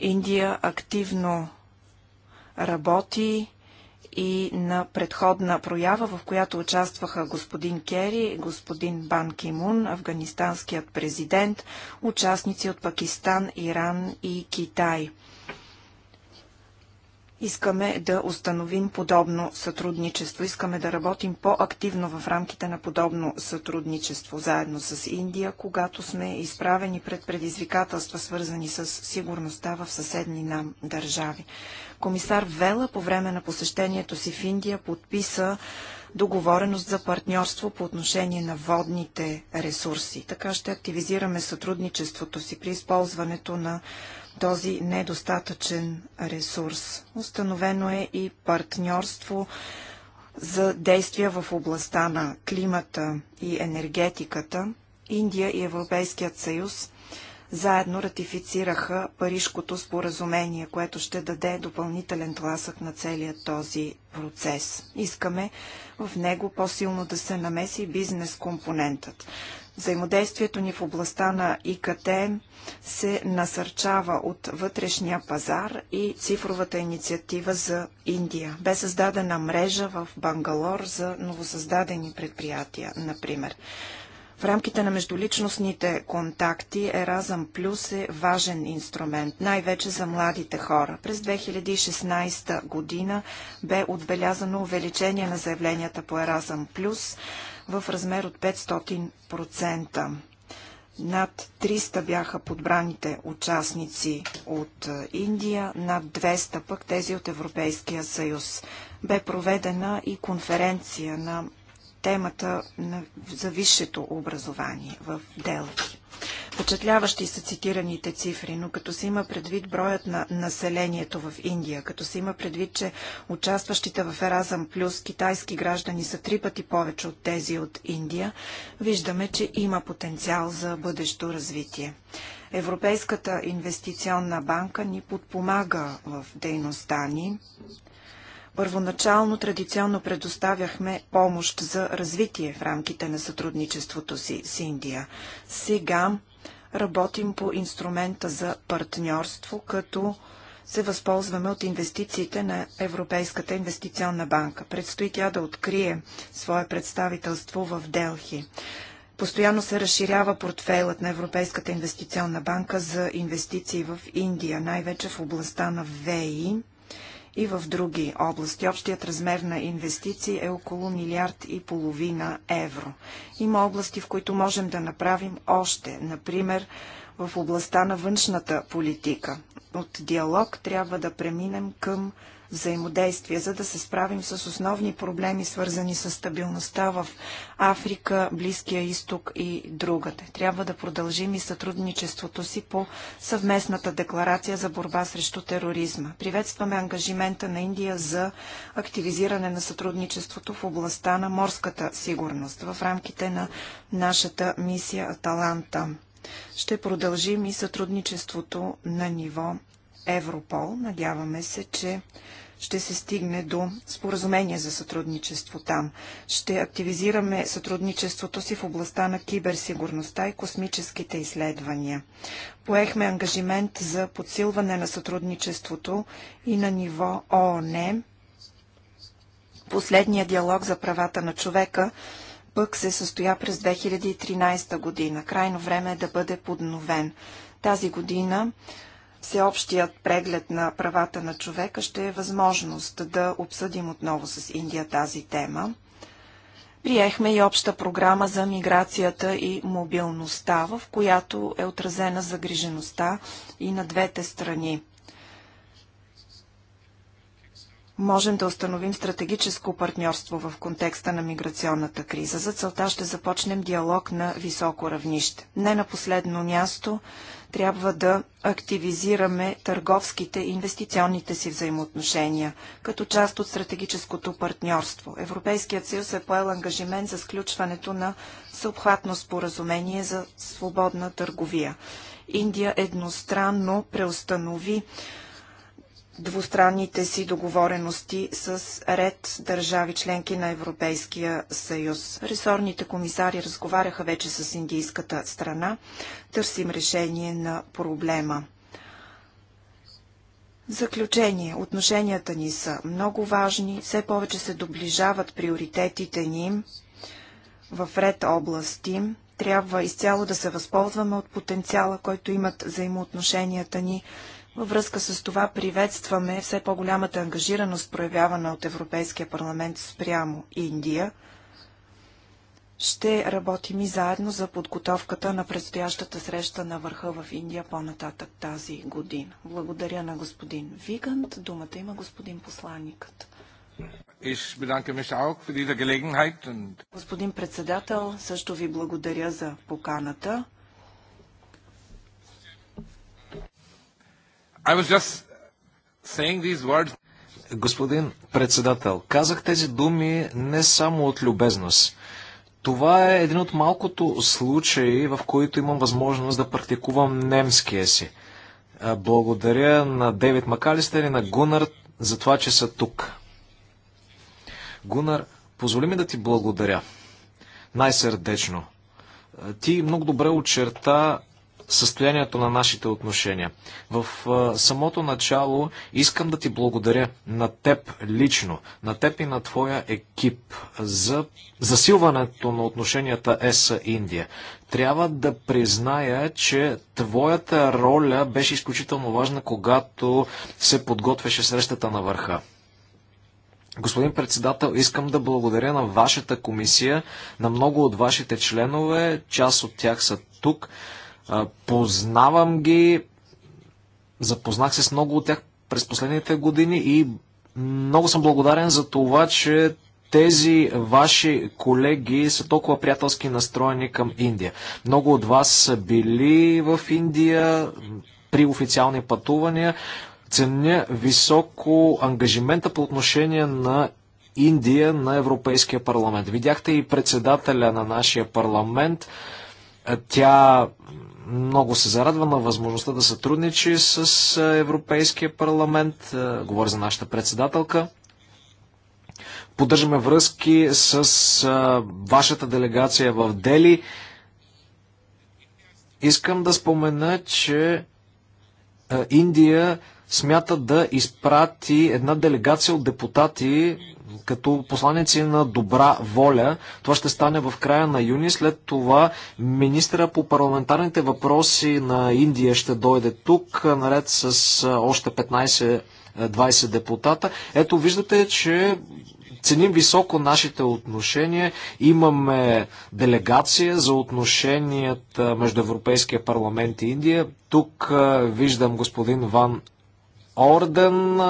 Индия активно работи и на предходна проява, в която участваха господин Кери, господин Бан Кимун, афганистанският президент, участници от Пакистан, Иран и Китай – Искаме да установим подобно сътрудничество. Искаме да работим по-активно в рамките на подобно сътрудничество заедно с Индия, когато сме изправени пред предизвикателства, свързани с сигурността в съседни нам държави. Комисар Вела по време на посещението си в Индия подписа договореност за партньорство по отношение на водните ресурси. Така ще активизираме сътрудничеството си при използването на този недостатъчен ресурс. Установено е и партньорство за действия в областта на климата и енергетиката. Индия и Европейският съюз заедно ратифицираха Парижкото споразумение, което ще даде допълнителен тласък на целия този процес. Искаме в него по-силно да се намеси бизнес компонентът. Взаимодействието ни в областта на ИКТ се насърчава от вътрешния пазар и цифровата инициатива за Индия. Бе създадена мрежа в Бангалор за новосъздадени предприятия, например. В рамките на междуличностните контакти Еразъм Плюс е важен инструмент, най-вече за младите хора. През 2016 година бе отбелязано увеличение на заявленията по Еразъм Плюс в размер от 500%. Над 300 бяха подбраните участници от е, Индия, над 200 пък тези от Европейския съюз. Бе проведена и конференция на темата за висшето образование в Делфи. Впечатляващи са цитираните цифри, но като се има предвид броят на населението в Индия, като се има предвид, че участващите в Еразъм Плюс китайски граждани са три пъти повече от тези от Индия, виждаме, че има потенциал за бъдещо развитие. Европейската инвестиционна банка ни подпомага в дейността ни. Първоначално традиционно предоставяхме помощ за развитие в рамките на сътрудничеството си с Индия. Сега Работим по инструмента за партньорство, като се възползваме от инвестициите на Европейската инвестиционна банка. Предстои тя да открие свое представителство в Делхи. Постоянно се разширява портфейлът на Европейската инвестиционна банка за инвестиции в Индия, най-вече в областта на ВЕИ и в други области. Общият размер на инвестиции е около милиард и половина евро. Има области, в които можем да направим още. Например, в областта на външната политика. От диалог трябва да преминем към взаимодействие, за да се справим с основни проблеми, свързани с стабилността в Африка, Близкия изток и другаде. Трябва да продължим и сътрудничеството си по съвместната декларация за борба срещу тероризма. Приветстваме ангажимента на Индия за активизиране на сътрудничеството в областта на морската сигурност в рамките на нашата мисия Аталанта. Ще продължим и сътрудничеството на ниво Европол. Надяваме се, че ще се стигне до споразумение за сътрудничество там. Ще активизираме сътрудничеството си в областта на киберсигурността и космическите изследвания. Поехме ангажимент за подсилване на сътрудничеството и на ниво ООН. Последния диалог за правата на човека пък се състоя през 2013 година. Крайно време е да бъде подновен. Тази година всеобщият преглед на правата на човека ще е възможност да обсъдим отново с Индия тази тема. Приехме и обща програма за миграцията и мобилността, в която е отразена загрижеността и на двете страни. Можем да установим стратегическо партньорство в контекста на миграционната криза. За целта ще започнем диалог на високо равнище. Не на последно място трябва да активизираме търговските и инвестиционните си взаимоотношения, като част от стратегическото партньорство. Европейският съюз е поел ангажимент за сключването на съобхватно споразумение за свободна търговия. Индия едностранно преустанови двустранните си договорености с ред държави членки на Европейския съюз. Ресорните комисари разговаряха вече с индийската страна. Търсим решение на проблема. Заключение. Отношенията ни са много важни. Все повече се доближават приоритетите ни в ред области. Трябва изцяло да се възползваме от потенциала, който имат взаимоотношенията ни във връзка с това приветстваме все по-голямата ангажираност, проявявана от Европейския парламент спрямо Индия. Ще работим и заедно за подготовката на предстоящата среща на върха в Индия по-нататък тази година. Благодаря на господин Вигант. Думата има господин посланникът. Господин председател, също ви благодаря за поканата. I was just saying these words. Господин председател, казах тези думи не само от любезност. Това е един от малкото случаи, в които имам възможност да практикувам немския си. Благодаря на Дейвид Макалистер и на Гунар за това, че са тук. Гунар, позволи ми да ти благодаря. Най-сърдечно. Ти много добре очерта състоянието на нашите отношения. В самото начало искам да ти благодаря на теб лично, на теб и на твоя екип за засилването на отношенията ЕС-Индия. Трябва да призная, че твоята роля беше изключително важна, когато се подготвяше срещата на върха. Господин председател, искам да благодаря на вашата комисия, на много от вашите членове, част от тях са тук. Познавам ги, запознах се с много от тях през последните години и много съм благодарен за това, че тези ваши колеги са толкова приятелски настроени към Индия. Много от вас са били в Индия при официални пътувания. Ценя високо ангажимента по отношение на Индия на Европейския парламент. Видяхте и председателя на нашия парламент. Тя много се зарадва на възможността да сътрудничи с Европейския парламент. Говоря за нашата председателка. Поддържаме връзки с вашата делегация в Дели. Искам да спомена, че Индия смята да изпрати една делегация от депутати като посланици на добра воля. Това ще стане в края на юни. След това министра по парламентарните въпроси на Индия ще дойде тук, наред с още 15-20 депутата. Ето виждате, че ценим високо нашите отношения. Имаме делегация за отношенията между Европейския парламент и Индия. Тук виждам господин Ван Орден,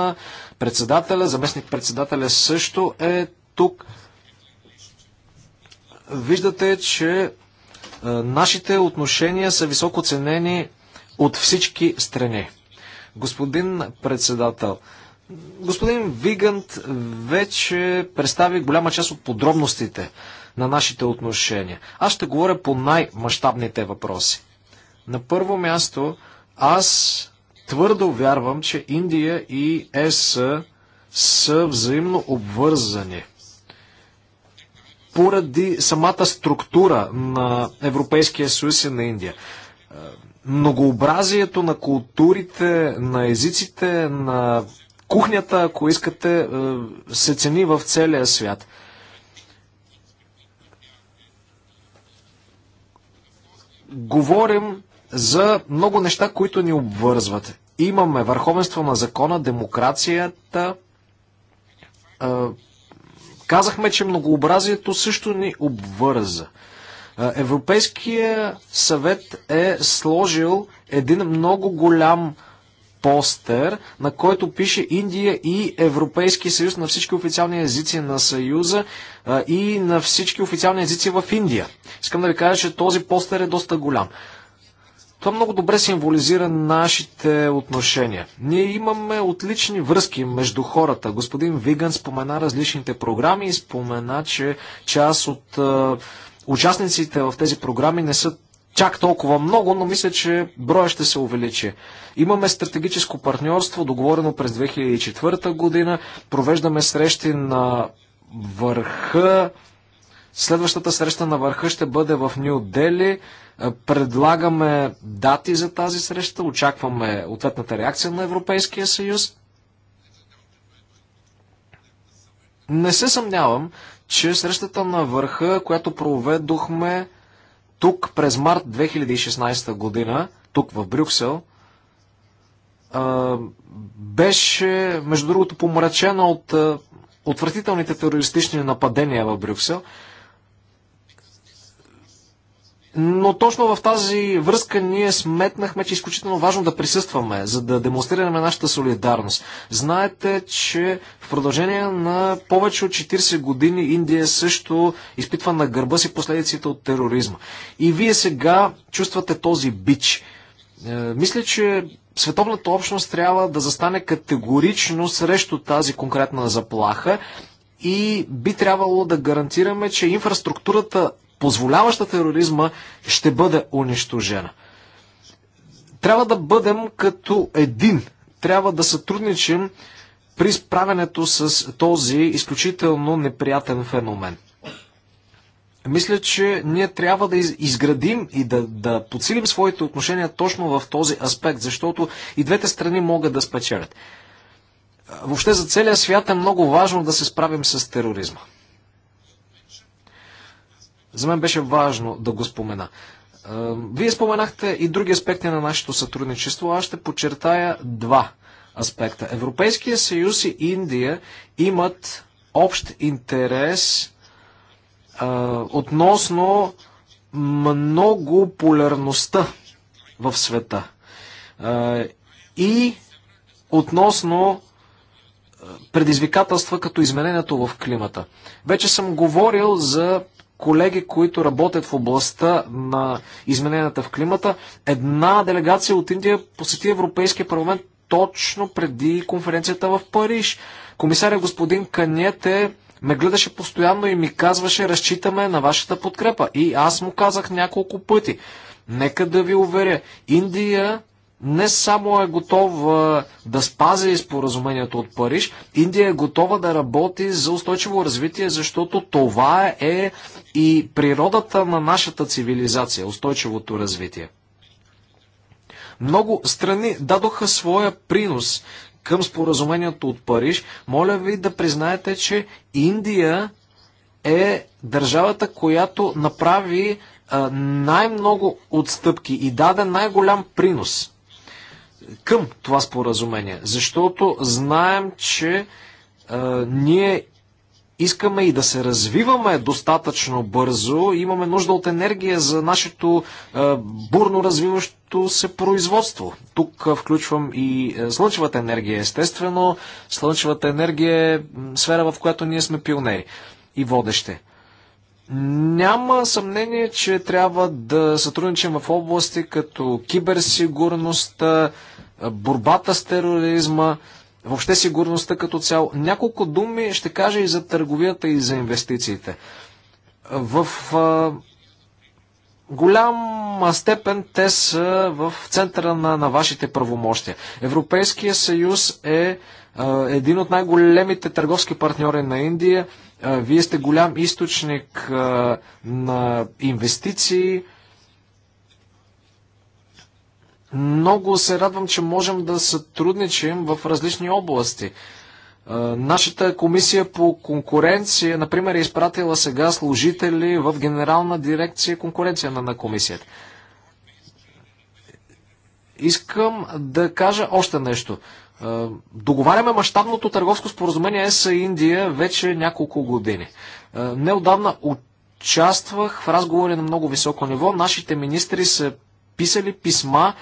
председателя, заместник-председателя също е тук. Виждате, че нашите отношения са високо ценени от всички страни. Господин председател, господин Вигант вече представи голяма част от подробностите на нашите отношения. Аз ще говоря по най-мащабните въпроси. На първо място, аз твърдо вярвам, че Индия и ЕС са взаимно обвързани. Поради самата структура на Европейския съюз и на Индия. Многообразието на културите, на езиците, на кухнята, ако искате, е, се цени в целия свят. Говорим за много неща, които ни обвързват. Имаме върховенство на закона, демокрацията. Казахме, че многообразието също ни обвърза. Европейския съвет е сложил един много голям постер, на който пише Индия и Европейски съюз на всички официални езици на Съюза и на всички официални езици в Индия. Искам да ви кажа, че този постер е доста голям. Това много добре символизира нашите отношения. Ние имаме отлични връзки между хората. Господин Виган спомена различните програми и спомена, че част от участниците в тези програми не са чак толкова много, но мисля, че броя ще се увеличи. Имаме стратегическо партньорство, договорено през 2004 година. Провеждаме срещи на върха Следващата среща на върха ще бъде в Нью Дели. Е, предлагаме дати за тази среща, очакваме ответната реакция на Европейския съюз. Не се съмнявам, че срещата на върха, която проведохме тук през март 2016 година, тук в Брюксел, е, беше, между другото, помрачена от е, отвратителните терористични нападения в Брюксел. Но точно в тази връзка ние сметнахме, че е изключително важно да присъстваме, за да демонстрираме нашата солидарност. Знаете, че в продължение на повече от 40 години Индия също изпитва на гърба си последиците от тероризма. И вие сега чувствате този бич. Е, мисля, че световната общност трябва да застане категорично срещу тази конкретна заплаха и би трябвало да гарантираме, че инфраструктурата позволяваща тероризма, ще бъде унищожена. Трябва да бъдем като един. Трябва да сътрудничим при справянето с този изключително неприятен феномен. Мисля, че ние трябва да изградим и да, да подсилим своите отношения точно в този аспект, защото и двете страни могат да спечелят. Въобще за целия свят е много важно да се справим с тероризма. За мен беше важно да го спомена. Е, вие споменахте и други аспекти на нашето сътрудничество. Аз ще подчертая два аспекта. Европейския съюз и Индия имат общ интерес а, е, относно много полярността в света. А, е, и относно предизвикателства като изменението в климата. Вече съм говорил за колеги, които работят в областта на измененията в климата. Една делегация от Индия посети Европейския парламент точно преди конференцията в Париж. Комисаря господин Каньете ме гледаше постоянно и ми казваше, разчитаме на вашата подкрепа. И аз му казах няколко пъти. Нека да ви уверя, Индия не само е готова да спази споразумението от Париж, Индия е готова да работи за устойчиво развитие, защото това е и природата на нашата цивилизация, устойчивото развитие. Много страни дадоха своя принос към споразумението от Париж. Моля ви да признаете, че Индия е държавата, която направи най-много отстъпки и даде най-голям принос към това споразумение. Защото знаем, че а, ние искаме и да се развиваме достатъчно бързо, имаме нужда от енергия за нашето а, бурно развиващо се производство. Тук включвам и слънчевата енергия, естествено. Слънчевата енергия е сфера, в която ние сме пионери и водещи. Няма съмнение, че трябва да сътрудничим в области като киберсигурността, борбата с тероризма, въобще сигурността като цяло. Няколко думи ще кажа и за търговията и за инвестициите. В а, голяма степен те са в центъра на, на вашите правомощия. Европейския съюз е а, един от най-големите търговски партньори на Индия. А, вие сте голям източник а, на инвестиции, много се радвам, че можем да сътрудничим в различни области. Нашата комисия по конкуренция, например, е изпратила сега служители в Генерална дирекция конкуренция на, на комисията. Искам да кажа още нещо. Договаряме мащабното търговско споразумение с Индия вече няколко години. Неодавна участвах в разговори на много високо ниво. Нашите министри са писали писма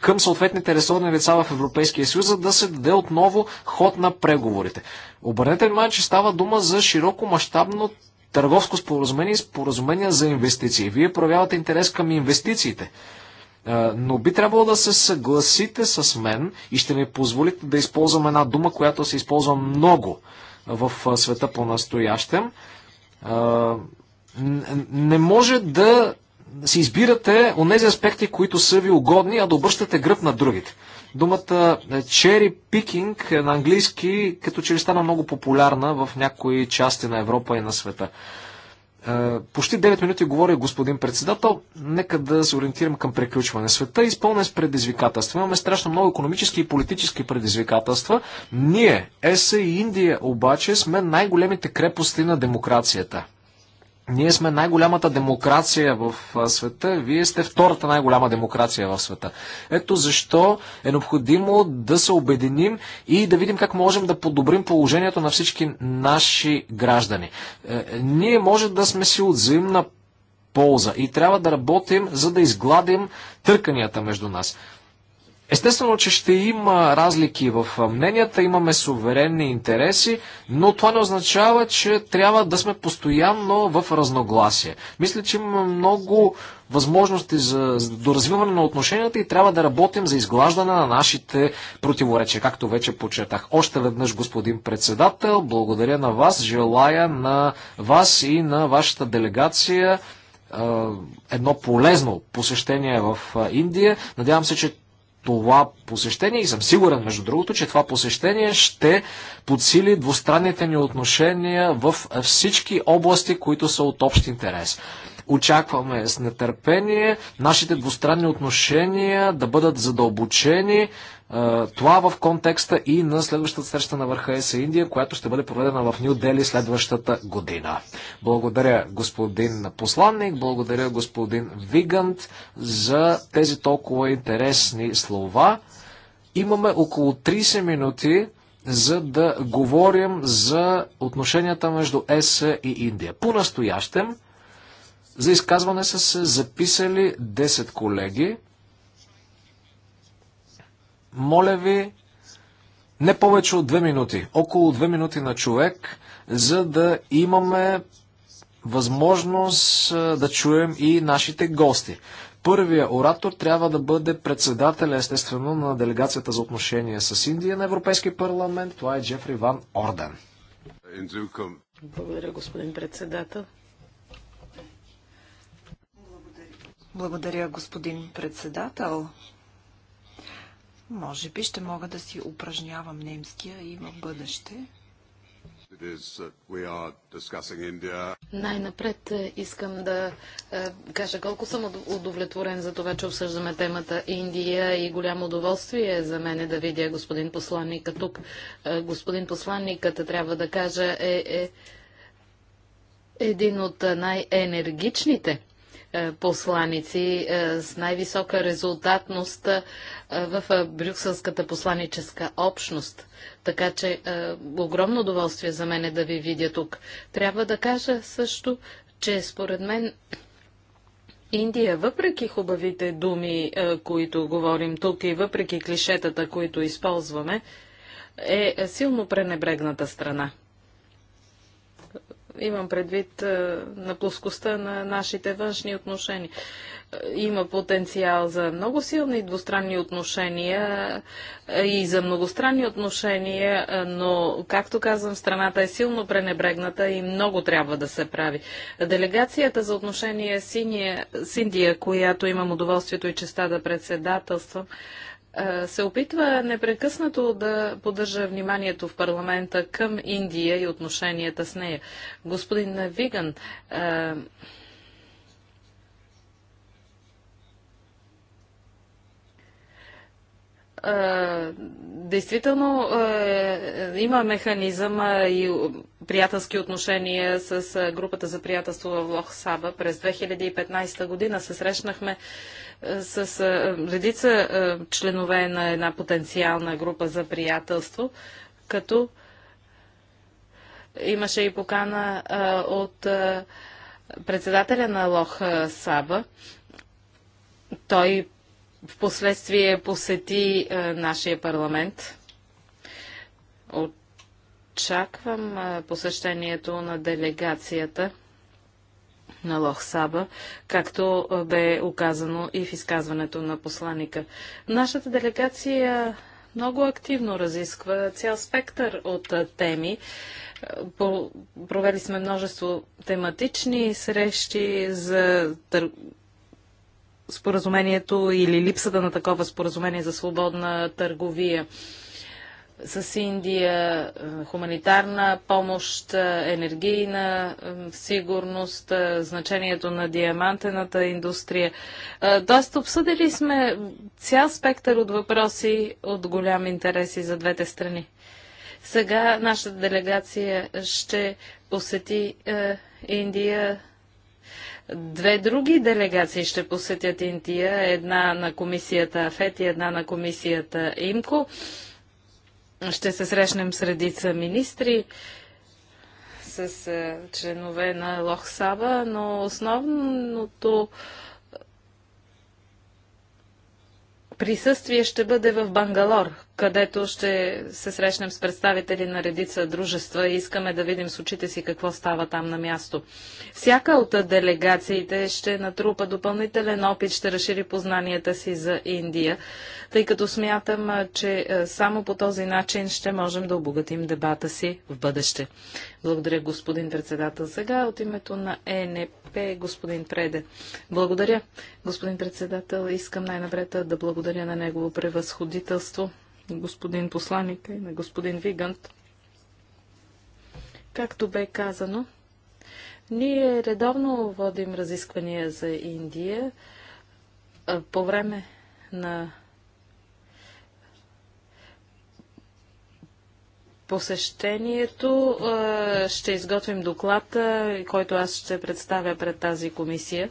към съответните ресорни лица в Европейския съюз, за да се даде отново ход на преговорите. Обърнете внимание, че става дума за широко мащабно търговско споразумение и споразумение за инвестиции. Вие проявявате интерес към инвестициите. Но би трябвало да се съгласите с мен и ще ми позволите да използвам една дума, която се използва много в света по-настоящем. Не може да си избирате от тези аспекти, които са ви угодни, а да обръщате гръб на другите. Думата е, cherry picking е на английски като че ли стана много популярна в някои части на Европа и на света. Е, почти 9 минути говори господин председател. Нека да се ориентирам към приключване. Света е изпълнен с предизвикателства. Имаме страшно много економически и политически предизвикателства. Ние, ЕСА и Индия обаче сме най-големите крепости на демокрацията. Ние сме най-голямата демокрация в света, вие сте втората най-голяма демокрация в света. Ето защо е необходимо да се обединим и да видим как можем да подобрим положението на всички наши граждани. Е, е, ние може да сме си от взаимна полза и трябва да работим, за да изгладим търканията между нас. Естествено, че ще има разлики в мненията, имаме суверенни интереси, но това не означава, че трябва да сме постоянно в разногласие. Мисля, че имаме много възможности за, доразвиване на отношенията и трябва да работим за изглаждане на нашите противоречия, както вече почетах. Още веднъж, господин председател, благодаря на вас, желая на вас и на вашата делегация едно полезно посещение в Индия. Надявам се, че това посещение и съм сигурен, между другото, че това посещение ще подсили двустранните ни отношения в всички области, които са от общ интерес. Очакваме с нетърпение нашите двустранни отношения да бъдат задълбочени, това в контекста и на следващата среща на върха ЕС Индия, която ще бъде проведена в Нью Дели следващата година. Благодаря господин посланник, благодаря господин Вигант за тези толкова интересни слова. Имаме около 30 минути за да говорим за отношенията между ЕС и Индия. По-настоящем за изказване са се записали 10 колеги. Моля ви, не повече от две минути, около две минути на човек, за да имаме възможност да чуем и нашите гости. Първия оратор трябва да бъде председателя, естествено, на делегацията за отношение с Индия на Европейски парламент. Това е Джефри Ван Орден. Благодаря, господин председател. Благодаря, господин председател. Може би ще мога да си упражнявам немския и в бъдеще. Най-напред е, искам да е, кажа колко съм удовлетворен за това, че обсъждаме темата Индия и голямо удоволствие за мен е да видя господин посланника тук. господин посланникът, трябва да кажа, е, е един от най-енергичните е, посланици е, с най-висока резултатност е, в Брюкселската посланическа общност. Така че огромно удоволствие за мен е да ви видя тук. Трябва да кажа също, че според мен Индия, въпреки хубавите думи, които говорим тук и въпреки клишетата, които използваме, е силно пренебрегната страна. Имам предвид е, на плоскостта на нашите външни отношения. Е, има потенциал за много силни двустранни отношения е, и за многостранни отношения, но, както казвам, страната е силно пренебрегната и много трябва да се прави. Делегацията за отношения с Индия, която имам удоволствието и честа да председателствам, е, се опитва непрекъснато да поддържа вниманието в парламента към Индия и отношенията с нея. Господин Виган, е, действително има механизъм и приятелски отношения с групата за приятелство в Лох Саба. През 2015 година се срещнахме с редица членове на една потенциална група за приятелство, като имаше и покана от председателя на Лох Саба. Той в последствие посети а, е, нашия парламент. Очаквам а, е, посещението на делегацията на Лох Саба, както е, бе оказано и в изказването на посланика. Нашата делегация много активно разисква цял спектър от теми. Провели сме множество тематични срещи за споразумението или липсата на такова споразумение за свободна търговия с Индия, е, хуманитарна помощ, е, енергийна е, сигурност, значението на диамантената индустрия. Тоест, обсъдили сме цял спектър от въпроси от голям интерес и за двете страни. Сега нашата делегация ще посети Индия Две други делегации ще посетят Интия, една на комисията АФЕТ и една на комисията ИМКО. Ще се срещнем с редица министри, с е, членове на Лохсаба, но основното присъствие ще бъде в Бангалор, където ще се срещнем с представители на редица дружества и искаме да видим с очите си какво става там на място. Всяка от делегациите ще натрупа допълнителен опит, ще разшири познанията си за Индия, тъй като смятам, че само по този начин ще можем да обогатим дебата си в бъдеще. Благодаря, господин председател. Сега от името на ЕНП НП, е, господин Преде. Благодаря, господин председател. Искам най-напред да благодаря на негово превъзходителство, господин посланник и на господин Вигант. Както бе казано, ние редовно водим разисквания за Индия. По време на посещението ще изготвим доклад, който аз ще представя пред тази комисия.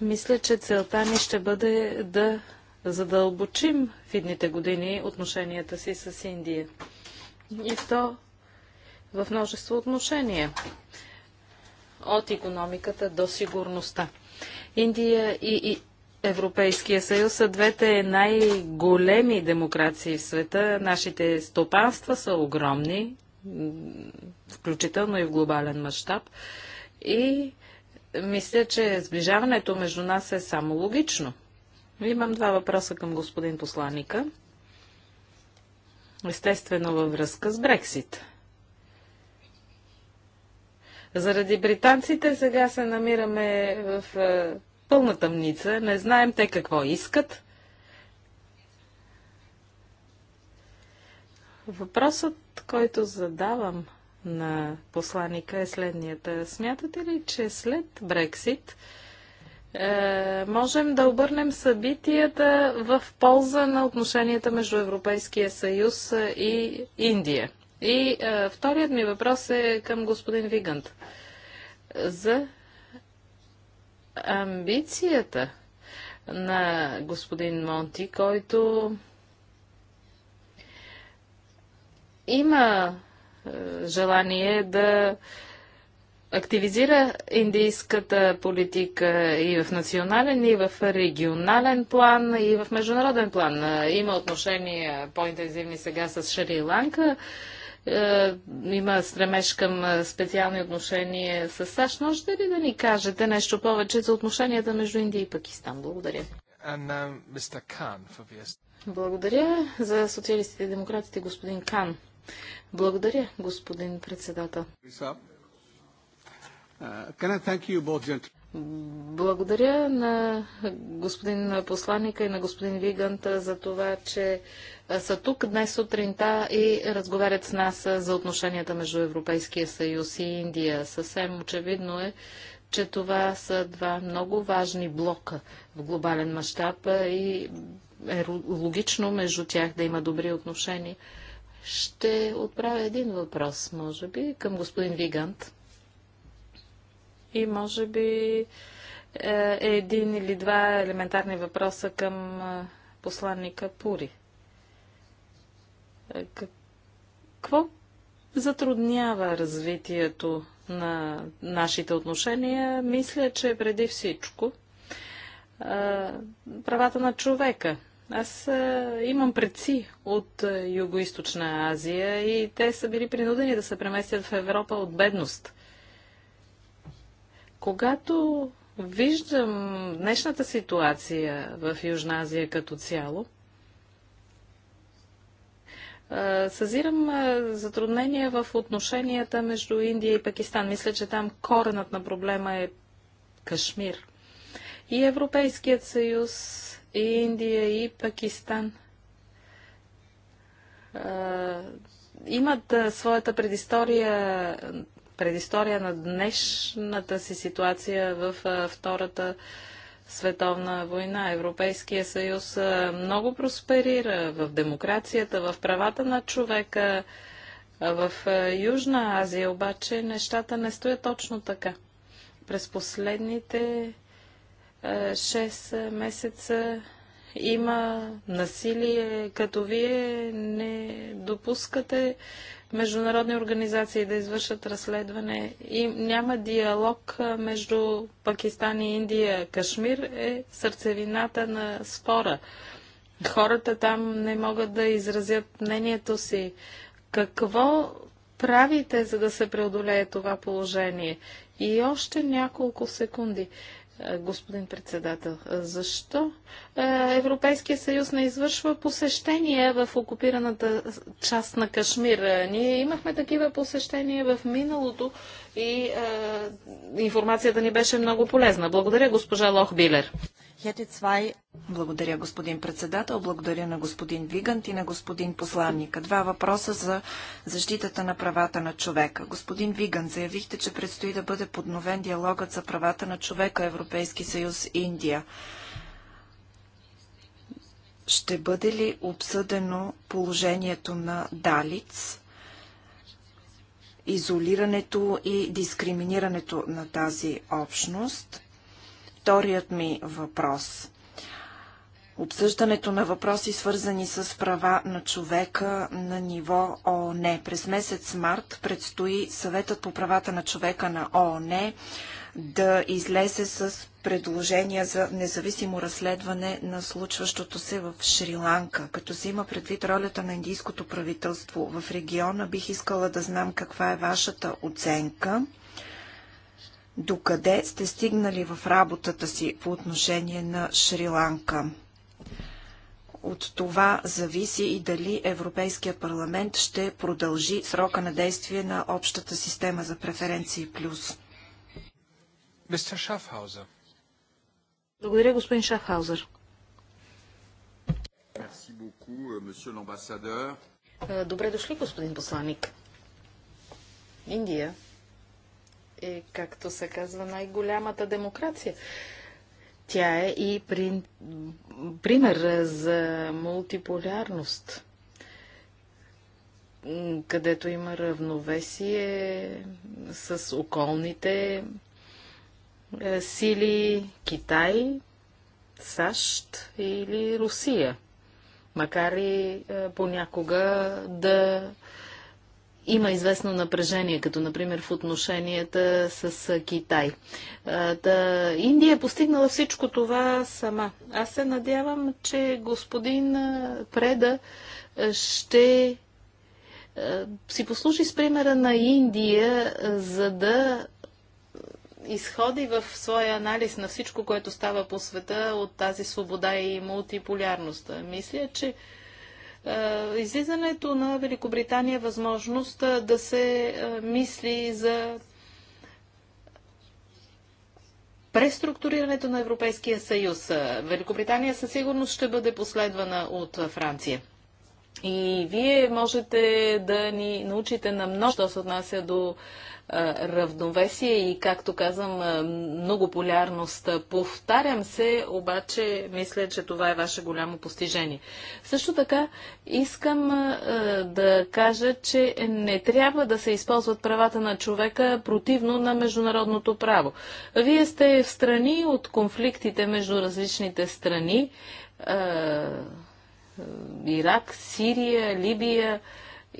Мисля, че целта ни ще бъде да задълбочим в идните години отношенията си с Индия. И то в множество отношения. От економиката до сигурността. Индия и, и Европейския съюз са двете най-големи демокрации в света. Нашите стопанства са огромни, включително и в глобален мащаб. И мисля, че сближаването между нас е само логично. Имам два въпроса към господин посланика. Естествено във връзка с Брексит. Заради британците сега се намираме в е, пълна тъмница, не знаем те какво искат. Въпросът, който задавам на посланика е следният. Смятате ли, че след Брексит е, можем да обърнем събитията в полза на отношенията между Европейския съюз и Индия? И е, вторият ми въпрос е към господин Вигант за амбицията на господин Монти, който има е, желание да активизира индийската политика и в национален, и в регионален план, и в международен план. Има отношения по-интензивни сега с Шри-Ланка. Е, има стремеж към е, специални отношения с САЩ. Можете ли да ни кажете нещо повече за отношенията между Индия и Пакистан? Благодаря. Uh, благодаря за социалистите и демократите, господин Кан. Благодаря, господин председател. благодаря на господин посланника и на господин Виганта за това, че са тук днес сутринта и разговарят с нас за отношенията между Европейския съюз и Индия. Съвсем очевидно е, че това са два много важни блока в глобален мащаб и е логично между тях да има добри отношения. Ще отправя един въпрос, може би, към господин Вигант. И може би е един или два елементарни въпроса към посланника Пури. Е, какво затруднява развитието на нашите отношения? Мисля, че преди всичко правата на човека. Аз а, имам предци от юго Азия и те са били принудени да се преместят в Европа от бедност. Когато виждам днешната ситуация в Южна Азия като цяло, е, съзирам е, затруднения в отношенията между Индия и Пакистан. Мисля, че там коренът на проблема е Кашмир. И Европейският съюз, и Индия, и Пакистан е, имат своята предистория, предистория на днешната си ситуация в втората световна война. Европейския съюз много просперира в демокрацията, в правата на човека. В Южна Азия обаче нещата не стоят точно така. През последните 6 месеца има насилие, като вие не допускате международни организации да извършат разследване и няма диалог между Пакистан и Индия. Кашмир е сърцевината на спора. Хората там не могат да изразят мнението си. Какво правите, за да се преодолее това положение? И още няколко секунди. Е, господин председател, защо е, Европейския съюз не извършва посещения в окупираната част на Кашмир? Е, ние имахме такива посещения в миналото и информацията ни беше много полезна. Благодаря, госпожа Лох Билер. Благодаря, господин председател. Благодаря на господин Вигант и на господин посланника. Два въпроса за защитата на правата на човека. Господин Вигант, заявихте, че предстои да бъде подновен диалогът за правата на човека Европейски съюз Индия. Ще бъде ли обсъдено положението на Далиц? изолирането и дискриминирането на тази общност вторият ми въпрос. Обсъждането на въпроси, свързани с права на човека на ниво ООН. Е. През месец март предстои съветът по правата на човека на ООН е да излезе с предложения за независимо разследване на случващото се в Шри-Ланка. Като се има предвид ролята на индийското правителство в региона, бих искала да знам каква е вашата оценка докъде сте стигнали в работата си по отношение на Шри-Ланка. От това зависи и дали Европейския парламент ще продължи срока на действие на общата система за преференции плюс. Мистер Шафхаузер. Благодаря, господин Шафхаузер. Euh, е, добре дошли, господин посланник. Индия е, както се казва, най-голямата демокрация. Тя е и при... пример за мултиполярност, където има равновесие с околните е, сили Китай, САЩ или Русия макар и е, понякога да има известно напрежение, като например в отношенията с Китай. Да, Индия е постигнала всичко това сама. Аз се надявам, че господин Преда ще си послужи с примера на Индия, за да изходи в своя анализ на всичко, което става по света от тази свобода и мултиполярност. Мисля, че е, излизането на Великобритания е възможност е, да се е, мисли за преструктурирането на Европейския съюз. Великобритания със сигурност ще бъде последвана от Франция. И вие можете да ни научите на много, що се отнася до равновесие и, както казвам, многополярност. Повтарям се, обаче мисля, че това е ваше голямо постижение. Също така искам да кажа, че не трябва да се използват правата на човека противно на международното право. Вие сте в страни от конфликтите между различните страни. Ирак, Сирия, Либия,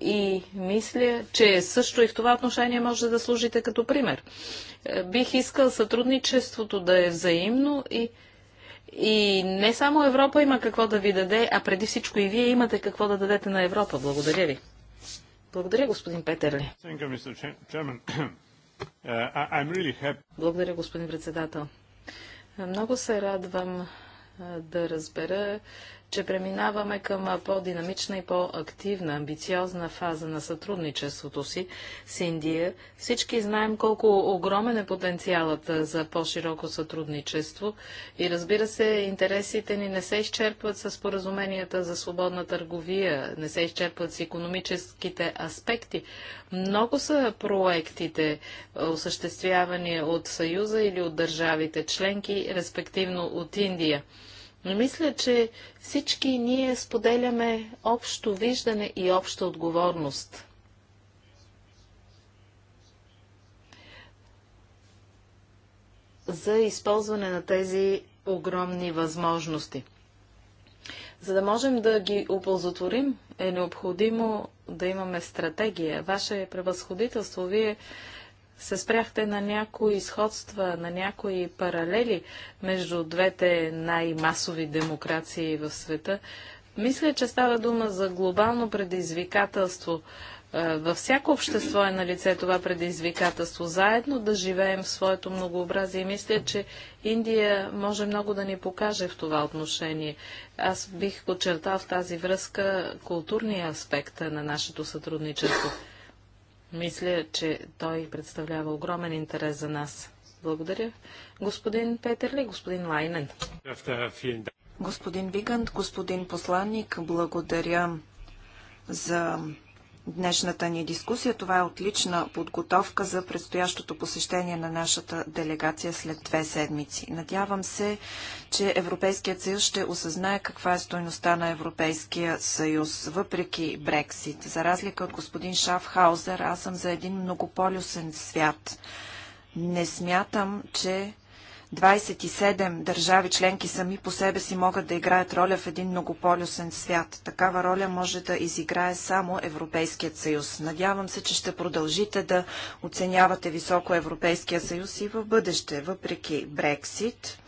и мисля, че също и в това отношение може да служите като пример. Е, бих искал сътрудничеството да е взаимно и, и не само Европа има какво да ви даде, а преди всичко и вие имате какво да дадете на Европа. Благодаря ви. Благодаря, господин Петерли. Uh, Благодаря, господин председател. Много се радвам да разбера, че преминаваме към по-динамична и по-активна, амбициозна фаза на сътрудничеството си с Индия. Всички знаем колко огромен е потенциалът за по-широко сътрудничество и разбира се, интересите ни не се изчерпват с поразуменията за свободна търговия, не се изчерпват с економическите аспекти. Много са проектите, осъществявани от Съюза или от държавите членки, респективно от Индия. Но мисля, че всички ние споделяме общо виждане и обща отговорност. за използване на тези огромни възможности. За да можем да ги оползотворим, е необходимо да имаме стратегия. Ваше превъзходителство, вие се спряхте на някои сходства, на някои паралели между двете най-масови демокрации в света. Мисля, че става дума за глобално предизвикателство. Е, във всяко общество е на лице това предизвикателство. Заедно да живеем в своето многообразие. И мисля, че Индия може много да ни покаже в това отношение. Аз бих подчертал в тази връзка културния аспект на нашето сътрудничество. Мисля, че той представлява огромен интерес за нас. Благодаря. Господин Петерли, господин Лайнен. Господин Вигант, господин посланник, благодаря за днешната ни дискусия. Това е отлична подготовка за предстоящото посещение на нашата делегация след две седмици. Надявам се, че Европейският съюз ще осъзнае каква е стойността на Европейския съюз, въпреки Брексит. За разлика от господин Шафхаузер, аз съм за един многополюсен свят. Не смятам, че 27 държави членки сами по себе си могат да играят роля в един многополюсен свят. Такава роля може да изиграе само Европейският съюз. Надявам се, че ще продължите да оценявате високо Европейския съюз и в бъдеще, въпреки Брексит.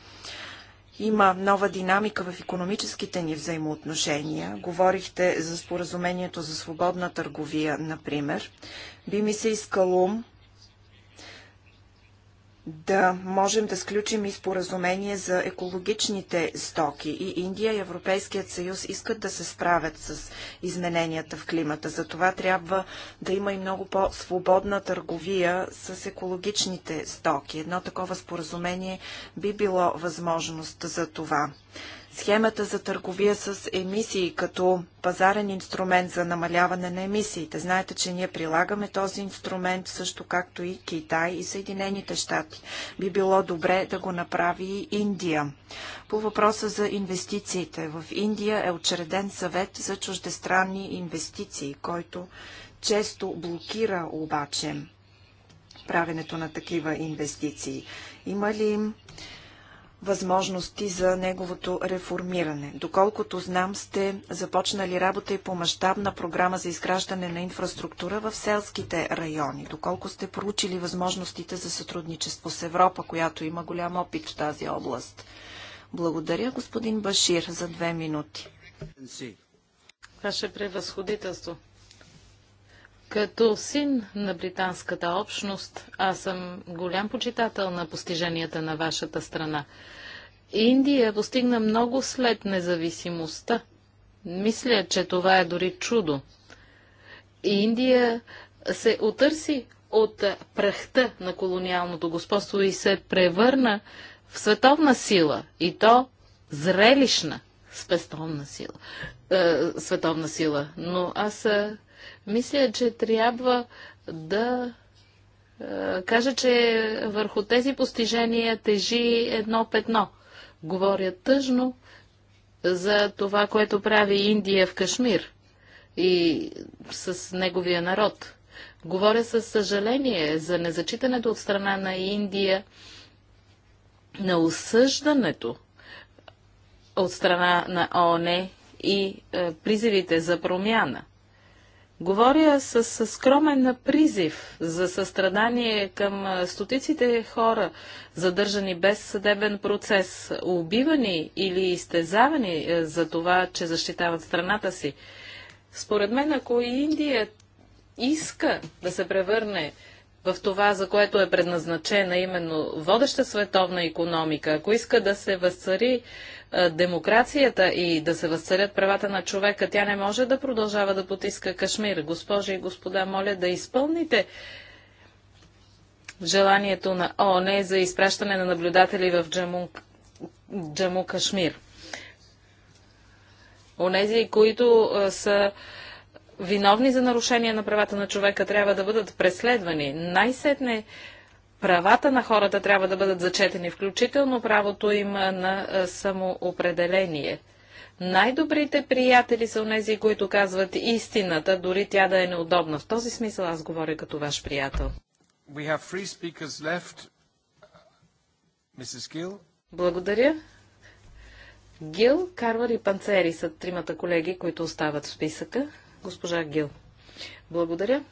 Има нова динамика в економическите ни взаимоотношения. Говорихте за споразумението за свободна търговия, например. Би ми се искало да можем да сключим и споразумение за екологичните стоки. И Индия и Европейският съюз искат да се справят с измененията в климата. Затова трябва да има и много по-свободна търговия с екологичните стоки. Едно такова споразумение би било възможност за това схемата за търговия с емисии като пазарен инструмент за намаляване на емисиите. Знаете, че ние прилагаме този инструмент също както и Китай и Съединените щати. Би било добре да го направи и Индия. По въпроса за инвестициите. В Индия е учреден съвет за чуждестранни инвестиции, който често блокира обаче правенето на такива инвестиции. Има ли възможности за неговото реформиране. Доколкото знам, сте започнали работа и по мащабна програма за изграждане на инфраструктура в селските райони. Доколко сте проучили възможностите за сътрудничество с Европа, която има голям опит в тази област. Благодаря, господин Башир, за две минути. Ваше превъзходителство. Като син на британската общност, аз съм голям почитател на постиженията на вашата страна. Индия постигна много след независимостта. Мисля, че това е дори чудо. Индия се отърси от прахта на колониалното господство и се превърна в световна сила, и то зрелищна спестовна сила, е, световна сила. Но аз е, мисля, че трябва да е, кажа, че върху тези постижения тежи едно петно – Говоря тъжно за това, което прави Индия в Кашмир и с неговия народ. Говоря със съжаление за незачитането от страна на Индия на осъждането от страна на ОНЕ и е, призивите за промяна. Говоря с, скромен призив за състрадание към стотиците хора, задържани без съдебен процес, убивани или изтезавани за това, че защитават страната си. Според мен, ако и Индия иска да се превърне в това, за което е предназначена, именно водеща световна економика, ако иска да се възцари демокрацията и да се възцарят правата на човека, тя не може да продължава да потиска Кашмир. Госпожи и господа, моля да изпълните желанието на ООН за изпращане на наблюдатели в Джаму, Джаму Кашмир. Онези, които са виновни за нарушение на правата на човека, трябва да бъдат преследвани. Най-сетне правата на хората трябва да бъдат зачетени, включително правото им на самоопределение. Най-добрите приятели са онези, които казват истината, дори тя да е неудобна. В този смисъл аз говоря като ваш приятел. Благодаря. Гил, Карвар и Панцери са тримата колеги, които остават в списъка. Госпожа Гил. Благодаря.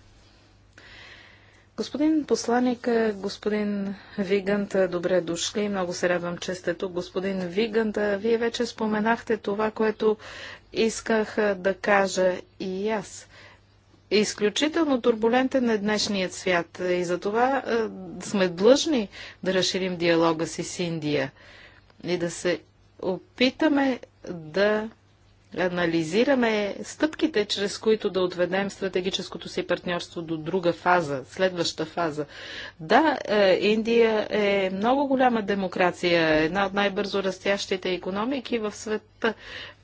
Господин посланник, господин Вигант, добре дошли. Много се радвам, че сте тук. Господин Вигант, вие вече споменахте това, което исках да кажа и аз. Изключително турбулентен е днешният свят и за това е, сме длъжни да разширим диалога си с Индия и да се опитаме да анализираме стъпките, чрез които да отведем стратегическото си партньорство до друга фаза, следваща фаза. Да, е, Индия е много голяма демокрация, една от най-бързо растящите економики в света.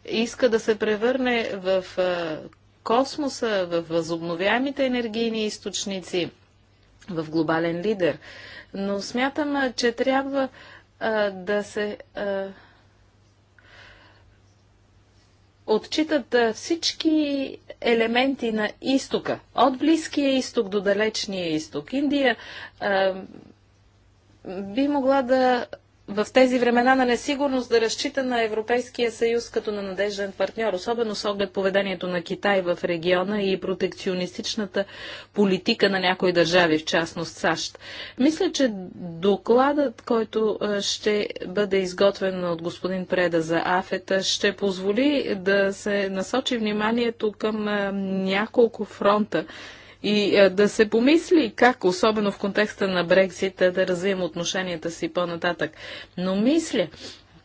Иска да се превърне в е, космоса, в възобновяемите енергийни източници, в глобален лидер. Но смятам, е, че трябва да се отчитат всички елементи на изтока, от Близкия изток до Далечния изток. Индия а, би могла да в тези времена на несигурност да разчита на Европейския съюз като на надежден партньор, особено с оглед поведението на Китай в региона и протекционистичната политика на някои държави, в частност САЩ. Мисля, че докладът, който ще бъде изготвен от господин Преда за АФЕТА, ще позволи да се насочи вниманието към няколко фронта и е, да се помисли как, особено в контекста на Брексита, да развием отношенията си по-нататък. Но мисля,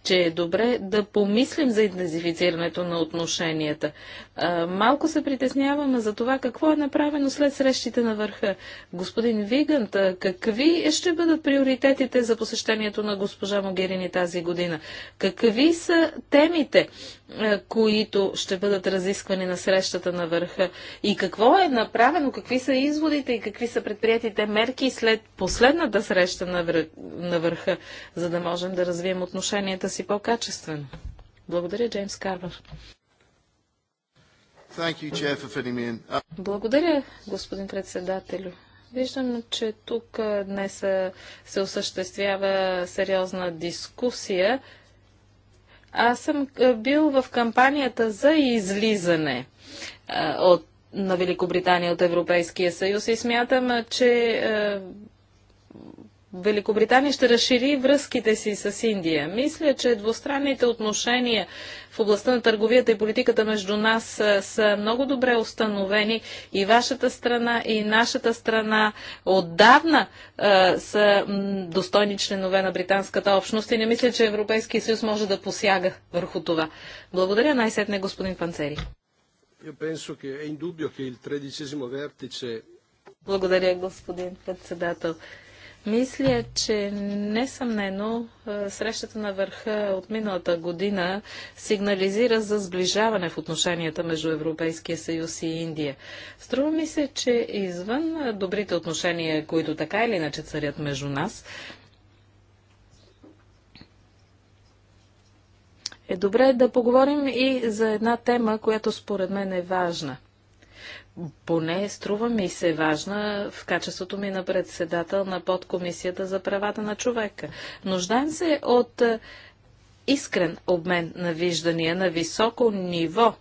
че е добре да помислим за интензифицирането на отношенията. А, малко се притесняваме за това какво е направено след срещите на върха. Господин Вигант, какви ще бъдат приоритетите за посещението на госпожа Могерини тази година? Какви са темите, които ще бъдат разисквани на срещата на върха? И какво е направено? Какви са изводите и какви са предприятите мерки след последната среща на, вър... на върха, за да можем да развием отношенията си по-качествено. Благодаря, Джеймс Карвар. Uh, Благодаря, господин председателю. Виждам, че тук днес се осъществява сериозна дискусия. Аз съм бил в кампанията за излизане от, на Великобритания от Европейския съюз и смятам, че Великобритания ще разшири връзките си с Индия. Мисля, че двустранните отношения в областта на търговията и политиката между нас са, много добре установени и вашата страна, и нашата страна отдавна а, са достойни членове на британската общност и не мисля, че Европейския съюз може да посяга върху това. Благодаря най-сетне господин Панцери. Благодаря, господин председател. Мисля, че несъмнено срещата на върха от миналата година сигнализира за сближаване в отношенията между Европейския съюз и Индия. Струва ми се, че извън добрите отношения, които така или иначе царят между нас, е добре да поговорим и за една тема, която според мен е важна – поне струва ми се важна в качеството ми на председател на подкомисията за правата на човека. Нуждаем се от е, искрен обмен на виждания на високо ниво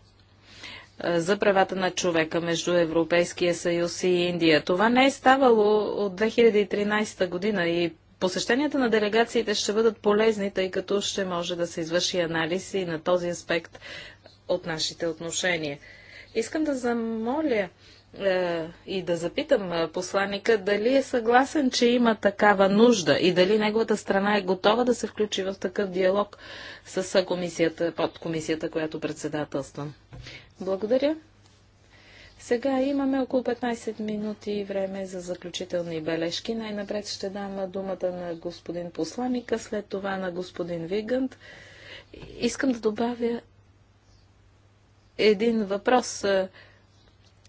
е, за правата на човека между Европейския съюз и Индия. Това не е ставало от 2013 година и Посещенията на делегациите ще бъдат полезни, тъй като ще може да се извърши анализ и на този аспект от нашите отношения. Искам да замоля е, и да запитам е, посланника дали е съгласен, че има такава нужда и дали неговата страна е готова да се включи в такъв диалог с комисията, под комисията, която председателствам. Благодаря. Сега имаме около 15 минути време за заключителни бележки. Най-напред ще дам думата на господин посланика, след това на господин Вигант. Искам да добавя един въпрос.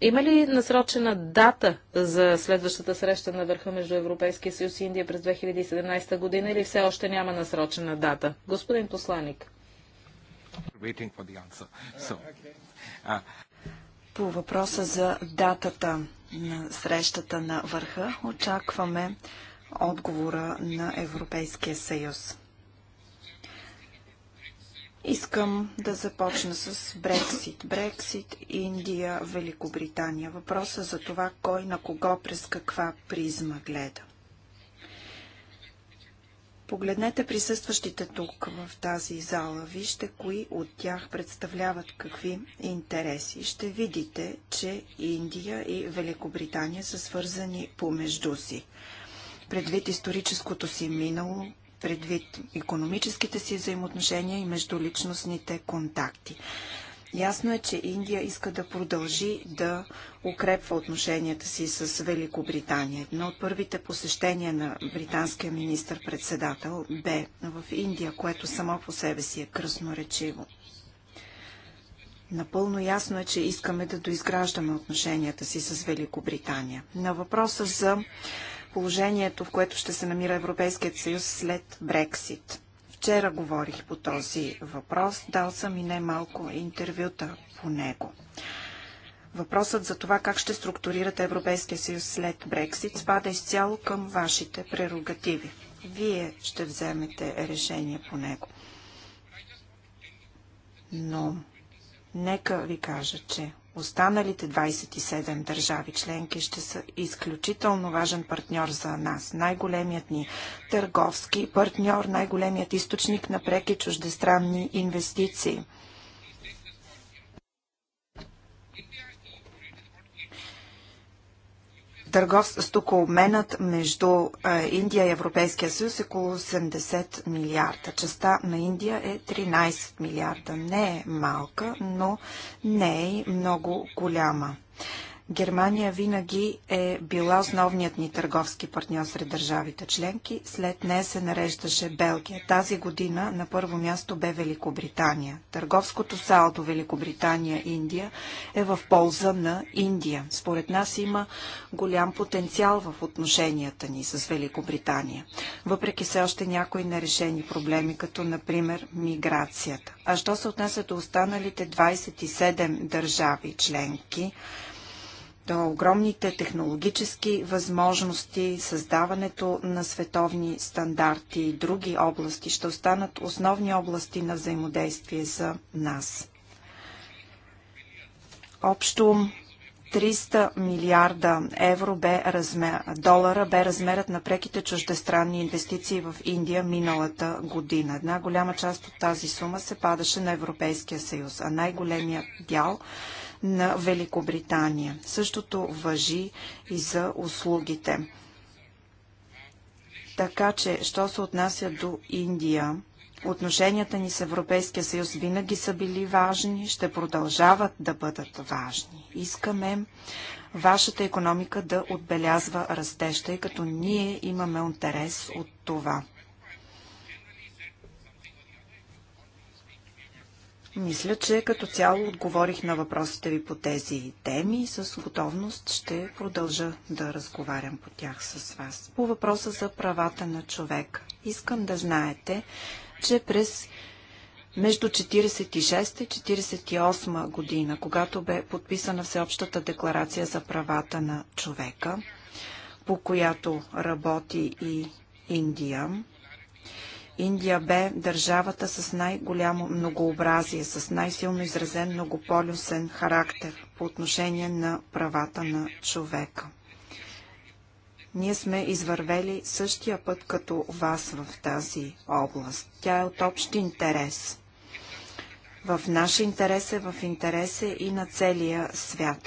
Има ли насрочена дата за следващата среща на върха между Европейския съюз и Индия през 2017 година или все още няма насрочена дата? Господин посланник, По въпроса за датата на срещата на върха очакваме отговора на Европейския съюз. Искам да започна с Брексит. Брексит, Индия, Великобритания. Въпроса за това кой на кого през каква призма гледа. Погледнете присъстващите тук в тази зала. Вижте кои от тях представляват какви интереси. Ще видите, че Индия и Великобритания са свързани помежду си. Предвид историческото си минало, предвид економическите си взаимоотношения и междуличностните контакти. Ясно е, че Индия иска да продължи да укрепва отношенията си с Великобритания. Едно от първите посещения на британския министр-председател бе в Индия, което само по себе си е кръсноречиво. Напълно ясно е, че искаме да доизграждаме отношенията си с Великобритания. На въпроса за положението, в което ще се намира Европейският съюз след Брексит. Вчера говорих по този въпрос, дал съм и немалко интервюта по него. Въпросът за това как ще структурирате Европейския съюз след Брексит спада изцяло към вашите прерогативи. Вие ще вземете решение по него. Но нека ви кажа, че Останалите 27 държави членки ще са изключително важен партньор за нас. Най-големият ни търговски партньор, най-големият източник на преки чуждестранни инвестиции. търгов, стокообменът между Индия и Европейския съюз е около 80 милиарда. Частта на Индия е 13 милиарда. Не е малка, но не е много голяма. Германия винаги е била основният ни търговски партньор сред държавите членки. След нея се нареждаше Белгия. Тази година на първо място бе Великобритания. Търговското салдо Великобритания-Индия е в полза на Индия. Според нас има голям потенциал в отношенията ни с Великобритания. Въпреки все още някои нерешени проблеми, като например миграцията. А що се отнася до останалите 27 държави членки, до огромните технологически възможности, създаването на световни стандарти и други области ще останат основни области на взаимодействие за нас. Общо 300 милиарда евро бе размер, долара бе размерът на преките чуждестранни инвестиции в Индия миналата година. Една голяма част от тази сума се падаше на Европейския съюз, а най-големият дял на Великобритания. Същото въжи и за услугите. Така че, що се отнася до Индия, отношенията ни с Европейския съюз винаги са били важни, ще продължават да бъдат важни. Искаме вашата економика да отбелязва растеща, и като ние имаме интерес от това. Мисля, че като цяло отговорих на въпросите ви по тези теми и с готовност ще продължа да разговарям по тях с вас. По въпроса за правата на човека. Искам да знаете, че през между 46 и 48 година, когато бе подписана Всеобщата декларация за правата на човека, по която работи и Индия, Индия бе държавата с най-голямо многообразие, с най-силно изразен многополюсен характер по отношение на правата на човека. Ние сме извървели същия път като вас в тази област. Тя е от общ интерес. В наш интерес е в интересе и на целия свят.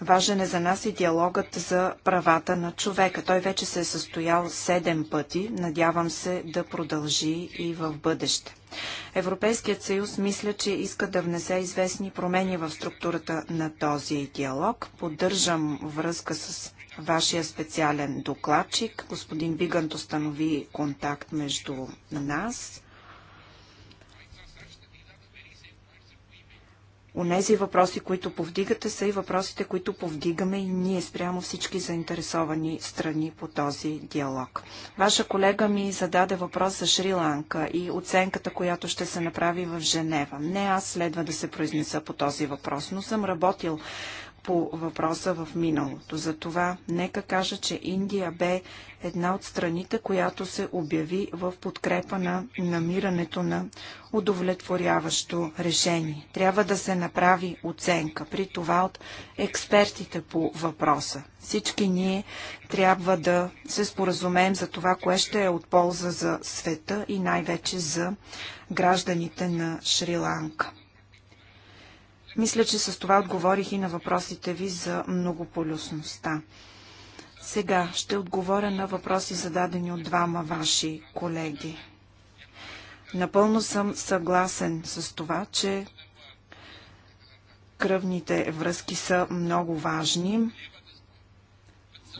Важен е за нас и диалогът за правата на човека. Той вече се е състоял седем пъти. Надявам се да продължи и в бъдеще. Европейският съюз мисля, че иска да внесе известни промени в структурата на този диалог. Поддържам връзка с вашия специален докладчик. Господин Бигант установи контакт между нас Онези въпроси, които повдигате, са и въпросите, които повдигаме и ние спрямо всички заинтересовани страни по този диалог. Ваша колега ми зададе въпрос за Шри-Ланка и оценката, която ще се направи в Женева. Не аз следва да се произнеса по този въпрос, но съм работил по въпроса в миналото. Затова нека кажа, че Индия бе една от страните, която се обяви в подкрепа на намирането на удовлетворяващо решение. Трябва да се направи оценка, при това от експертите по въпроса. Всички ние трябва да се споразумеем за това, кое ще е от полза за света и най-вече за гражданите на Шри-Ланка. Мисля, че с това отговорих и на въпросите ви за многополюсността. Сега ще отговоря на въпроси, зададени от двама ваши колеги. Напълно съм съгласен с това, че кръвните връзки са много важни.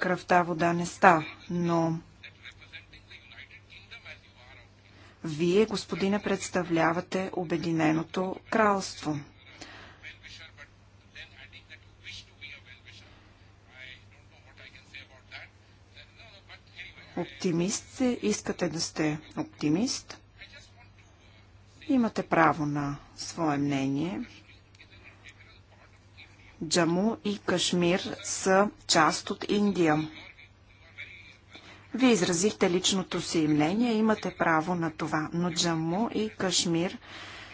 Кръвта вода не става, но вие, господине, представлявате Обединеното кралство – Оптимист се, искате да сте оптимист. Имате право на свое мнение. Джаму и Кашмир са част от Индия. Вие изразихте личното си мнение, имате право на това, но Джаму и Кашмир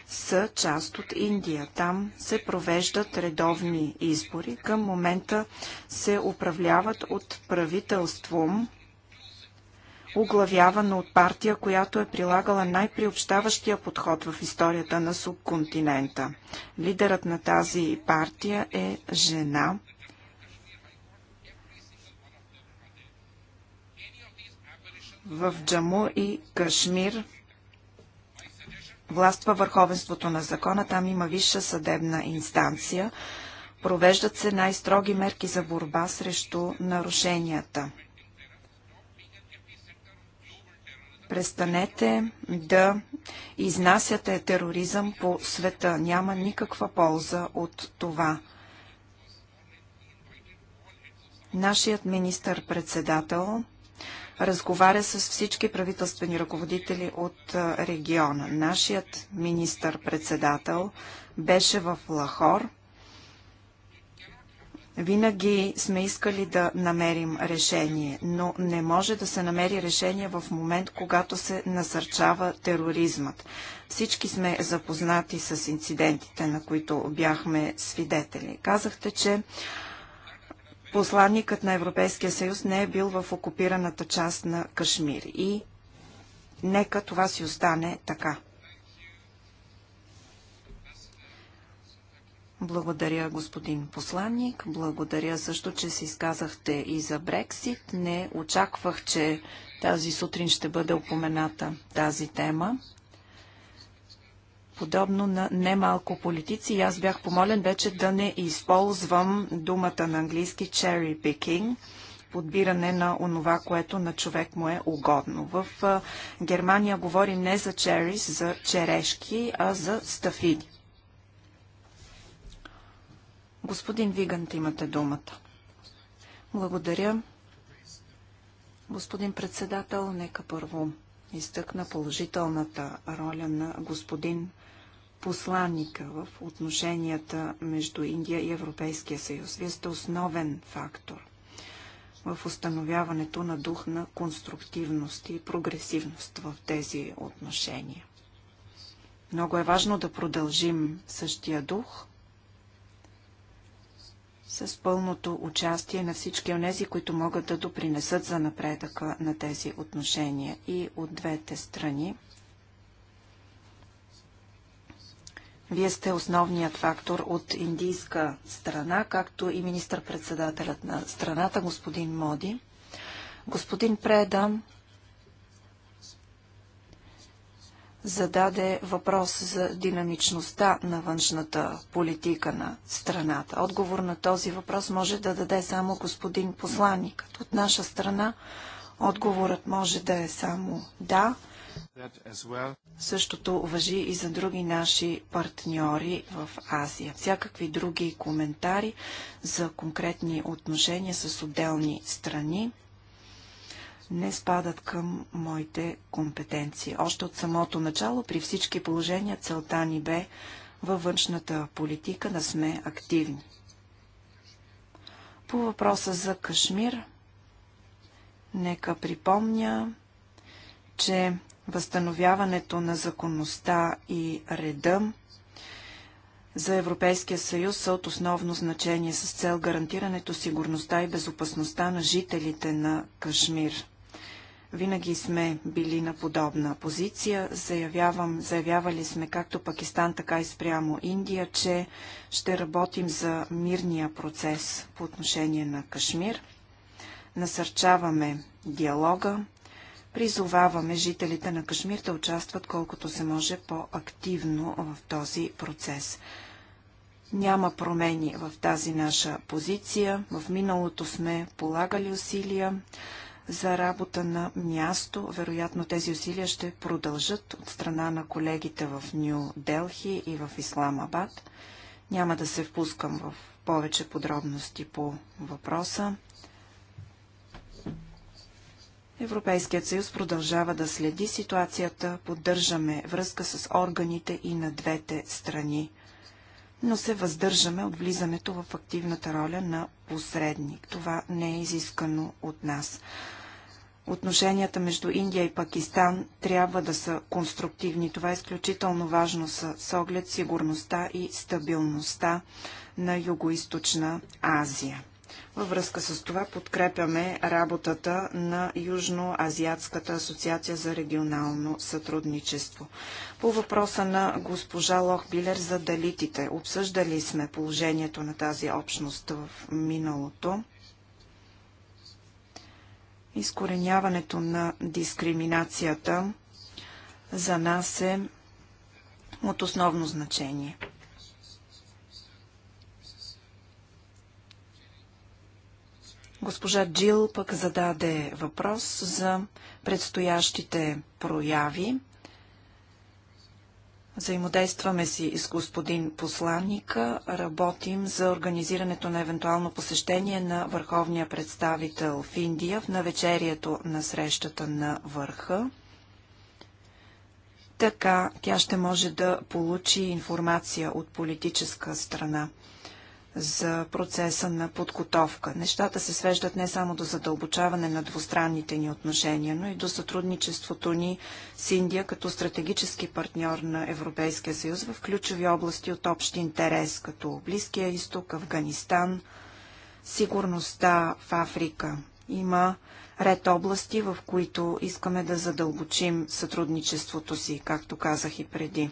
са част от Индия. Там се провеждат редовни избори. Към момента се управляват от правителство, оглавявана от партия, която е прилагала най-приобщаващия подход в историята на субконтинента. Лидерът на тази партия е жена. В Джаму и Кашмир властва върховенството на закона. Там има висша съдебна инстанция. Провеждат се най-строги мерки за борба срещу нарушенията. Престанете да изнасяте тероризъм по света. Няма никаква полза от това. Нашият министър-председател разговаря с всички правителствени ръководители от региона. Нашият министър-председател беше в Лахор – винаги сме искали да намерим решение, но не може да се намери решение в момент, когато се насърчава тероризмът. Всички сме запознати с инцидентите, на които бяхме свидетели. Казахте, че посланникът на Европейския съюз не е бил в окупираната част на Кашмир. И нека това си остане така. Благодаря, господин посланник. Благодаря също, че се изказахте и за Брексит. Не очаквах, че тази сутрин ще бъде упомената тази тема. Подобно на немалко политици, аз бях помолен вече да не използвам думата на английски cherry picking, подбиране на онова, което на човек му е угодно. В Германия говорим не за черис, за черешки, а за стафиди. Господин Вигант, имате думата. Благодаря. Господин председател, нека първо изтъкна положителната роля на господин посланника в отношенията между Индия и Европейския съюз. Вие сте основен фактор в установяването на дух на конструктивност и прогресивност в тези отношения. Много е важно да продължим същия дух – с пълното участие на всички онези, които могат да допринесат за напредъка на тези отношения и от двете страни. Вие сте основният фактор от индийска страна, както и министър-председателят на страната, господин Моди. Господин Преда зададе въпрос за динамичността на външната политика на страната. Отговор на този въпрос може да даде само господин посланник. От наша страна отговорът може да е само да. Същото въжи и за други наши партньори в Азия. Всякакви други коментари за конкретни отношения с отделни страни не спадат към моите компетенции. Още от самото начало, при всички положения, целта ни бе във външната политика да сме активни. По въпроса за Кашмир, нека припомня, че възстановяването на законността и реда за Европейския съюз са от основно значение с цел гарантирането сигурността и безопасността на жителите на Кашмир. Винаги сме били на подобна позиция. Заявявам, заявявали сме както Пакистан, така и спрямо Индия, че ще работим за мирния процес по отношение на Кашмир. Насърчаваме диалога, призоваваме жителите на Кашмир да участват колкото се може по-активно в този процес. Няма промени в тази наша позиция. В миналото сме полагали усилия за работа на място. Вероятно тези усилия ще продължат от страна на колегите в Нью Делхи и в Исламабад. Няма да се впускам в повече подробности по въпроса. Европейският съюз продължава да следи ситуацията, поддържаме връзка с органите и на двете страни, но се въздържаме от влизането в активната роля на посредник. Това не е изискано от нас. Отношенията между Индия и Пакистан трябва да са конструктивни. Това е изключително важно с, с оглед сигурността и стабилността на Юго-Источна Азия. Във връзка с това подкрепяме работата на Южноазиатската асоциация за регионално сътрудничество. По въпроса на госпожа Лохбилер за далитите, обсъждали сме положението на тази общност в миналото. Изкореняването на дискриминацията за нас е от основно значение. Госпожа Джил пък зададе въпрос за предстоящите прояви. Взаимодействаме си с господин посланника, работим за организирането на евентуално посещение на върховния представител в Индия в навечерието на срещата на върха. Така тя ще може да получи информация от политическа страна за процеса на подготовка. Нещата се свеждат не само до задълбочаване на двустранните ни отношения, но и до сътрудничеството ни с Индия като стратегически партньор на Европейския съюз в ключови области от общ интерес, като Близкия изток, Афганистан, сигурността в Африка. Има ред области, в които искаме да задълбочим сътрудничеството си, както казах и преди.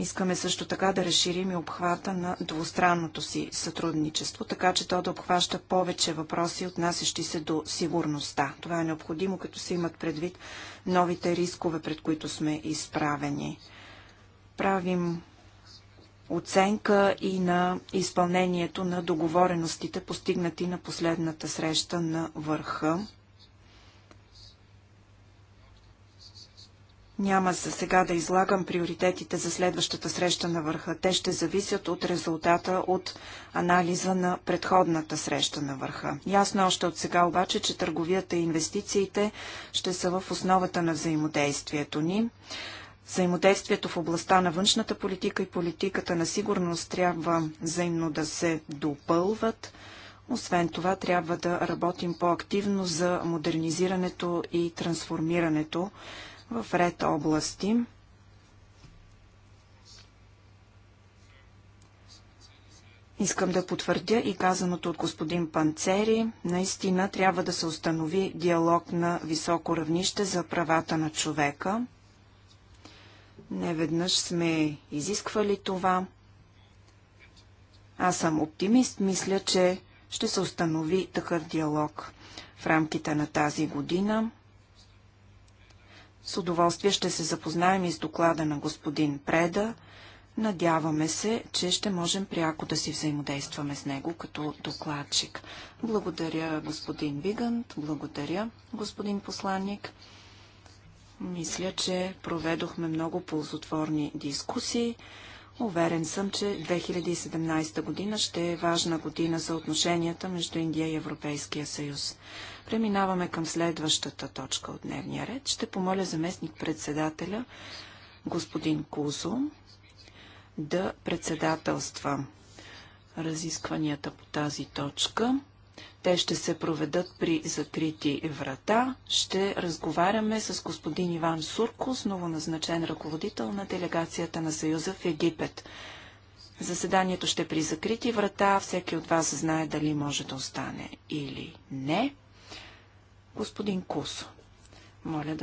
Искаме също така да разширим и обхвата на двустранното си сътрудничество, така че то да обхваща повече въпроси, отнасящи се до сигурността. Това е необходимо, като се имат предвид новите рискове, пред които сме изправени. Правим оценка и на изпълнението на договореностите, постигнати на последната среща на върха. Няма за сега да излагам приоритетите за следващата среща на върха. Те ще зависят от резултата от анализа на предходната среща на върха. Ясно е още от сега обаче, че търговията и инвестициите ще са в основата на взаимодействието ни. Взаимодействието в областта на външната политика и политиката на сигурност трябва взаимно да се допълват. Освен това, трябва да работим по-активно за модернизирането и трансформирането в ред области. Искам да потвърдя и казаното от господин Панцери. Наистина трябва да се установи диалог на високо равнище за правата на човека. Неведнъж сме изисквали това. Аз съм оптимист. Мисля, че ще се установи такъв диалог в рамките на тази година. С удоволствие ще се запознаем и с доклада на господин Преда. Надяваме се, че ще можем пряко да си взаимодействаме с него като докладчик. Благодаря, господин Вигант. Благодаря, господин посланник. Мисля, че проведохме много ползотворни дискусии. Уверен съм, че 2017 година ще е важна година за отношенията между Индия и Европейския съюз. Преминаваме към следващата точка от дневния ред. Ще помоля заместник председателя господин Кузо да председателства разискванията по тази точка. Те ще се проведат при закрити врата. Ще разговаряме с господин Иван Суркус, новоназначен ръководител на делегацията на Съюза в Египет. Заседанието ще е при закрити врата. Всеки от вас знае дали може да остане или не. Господин Кусо, моля да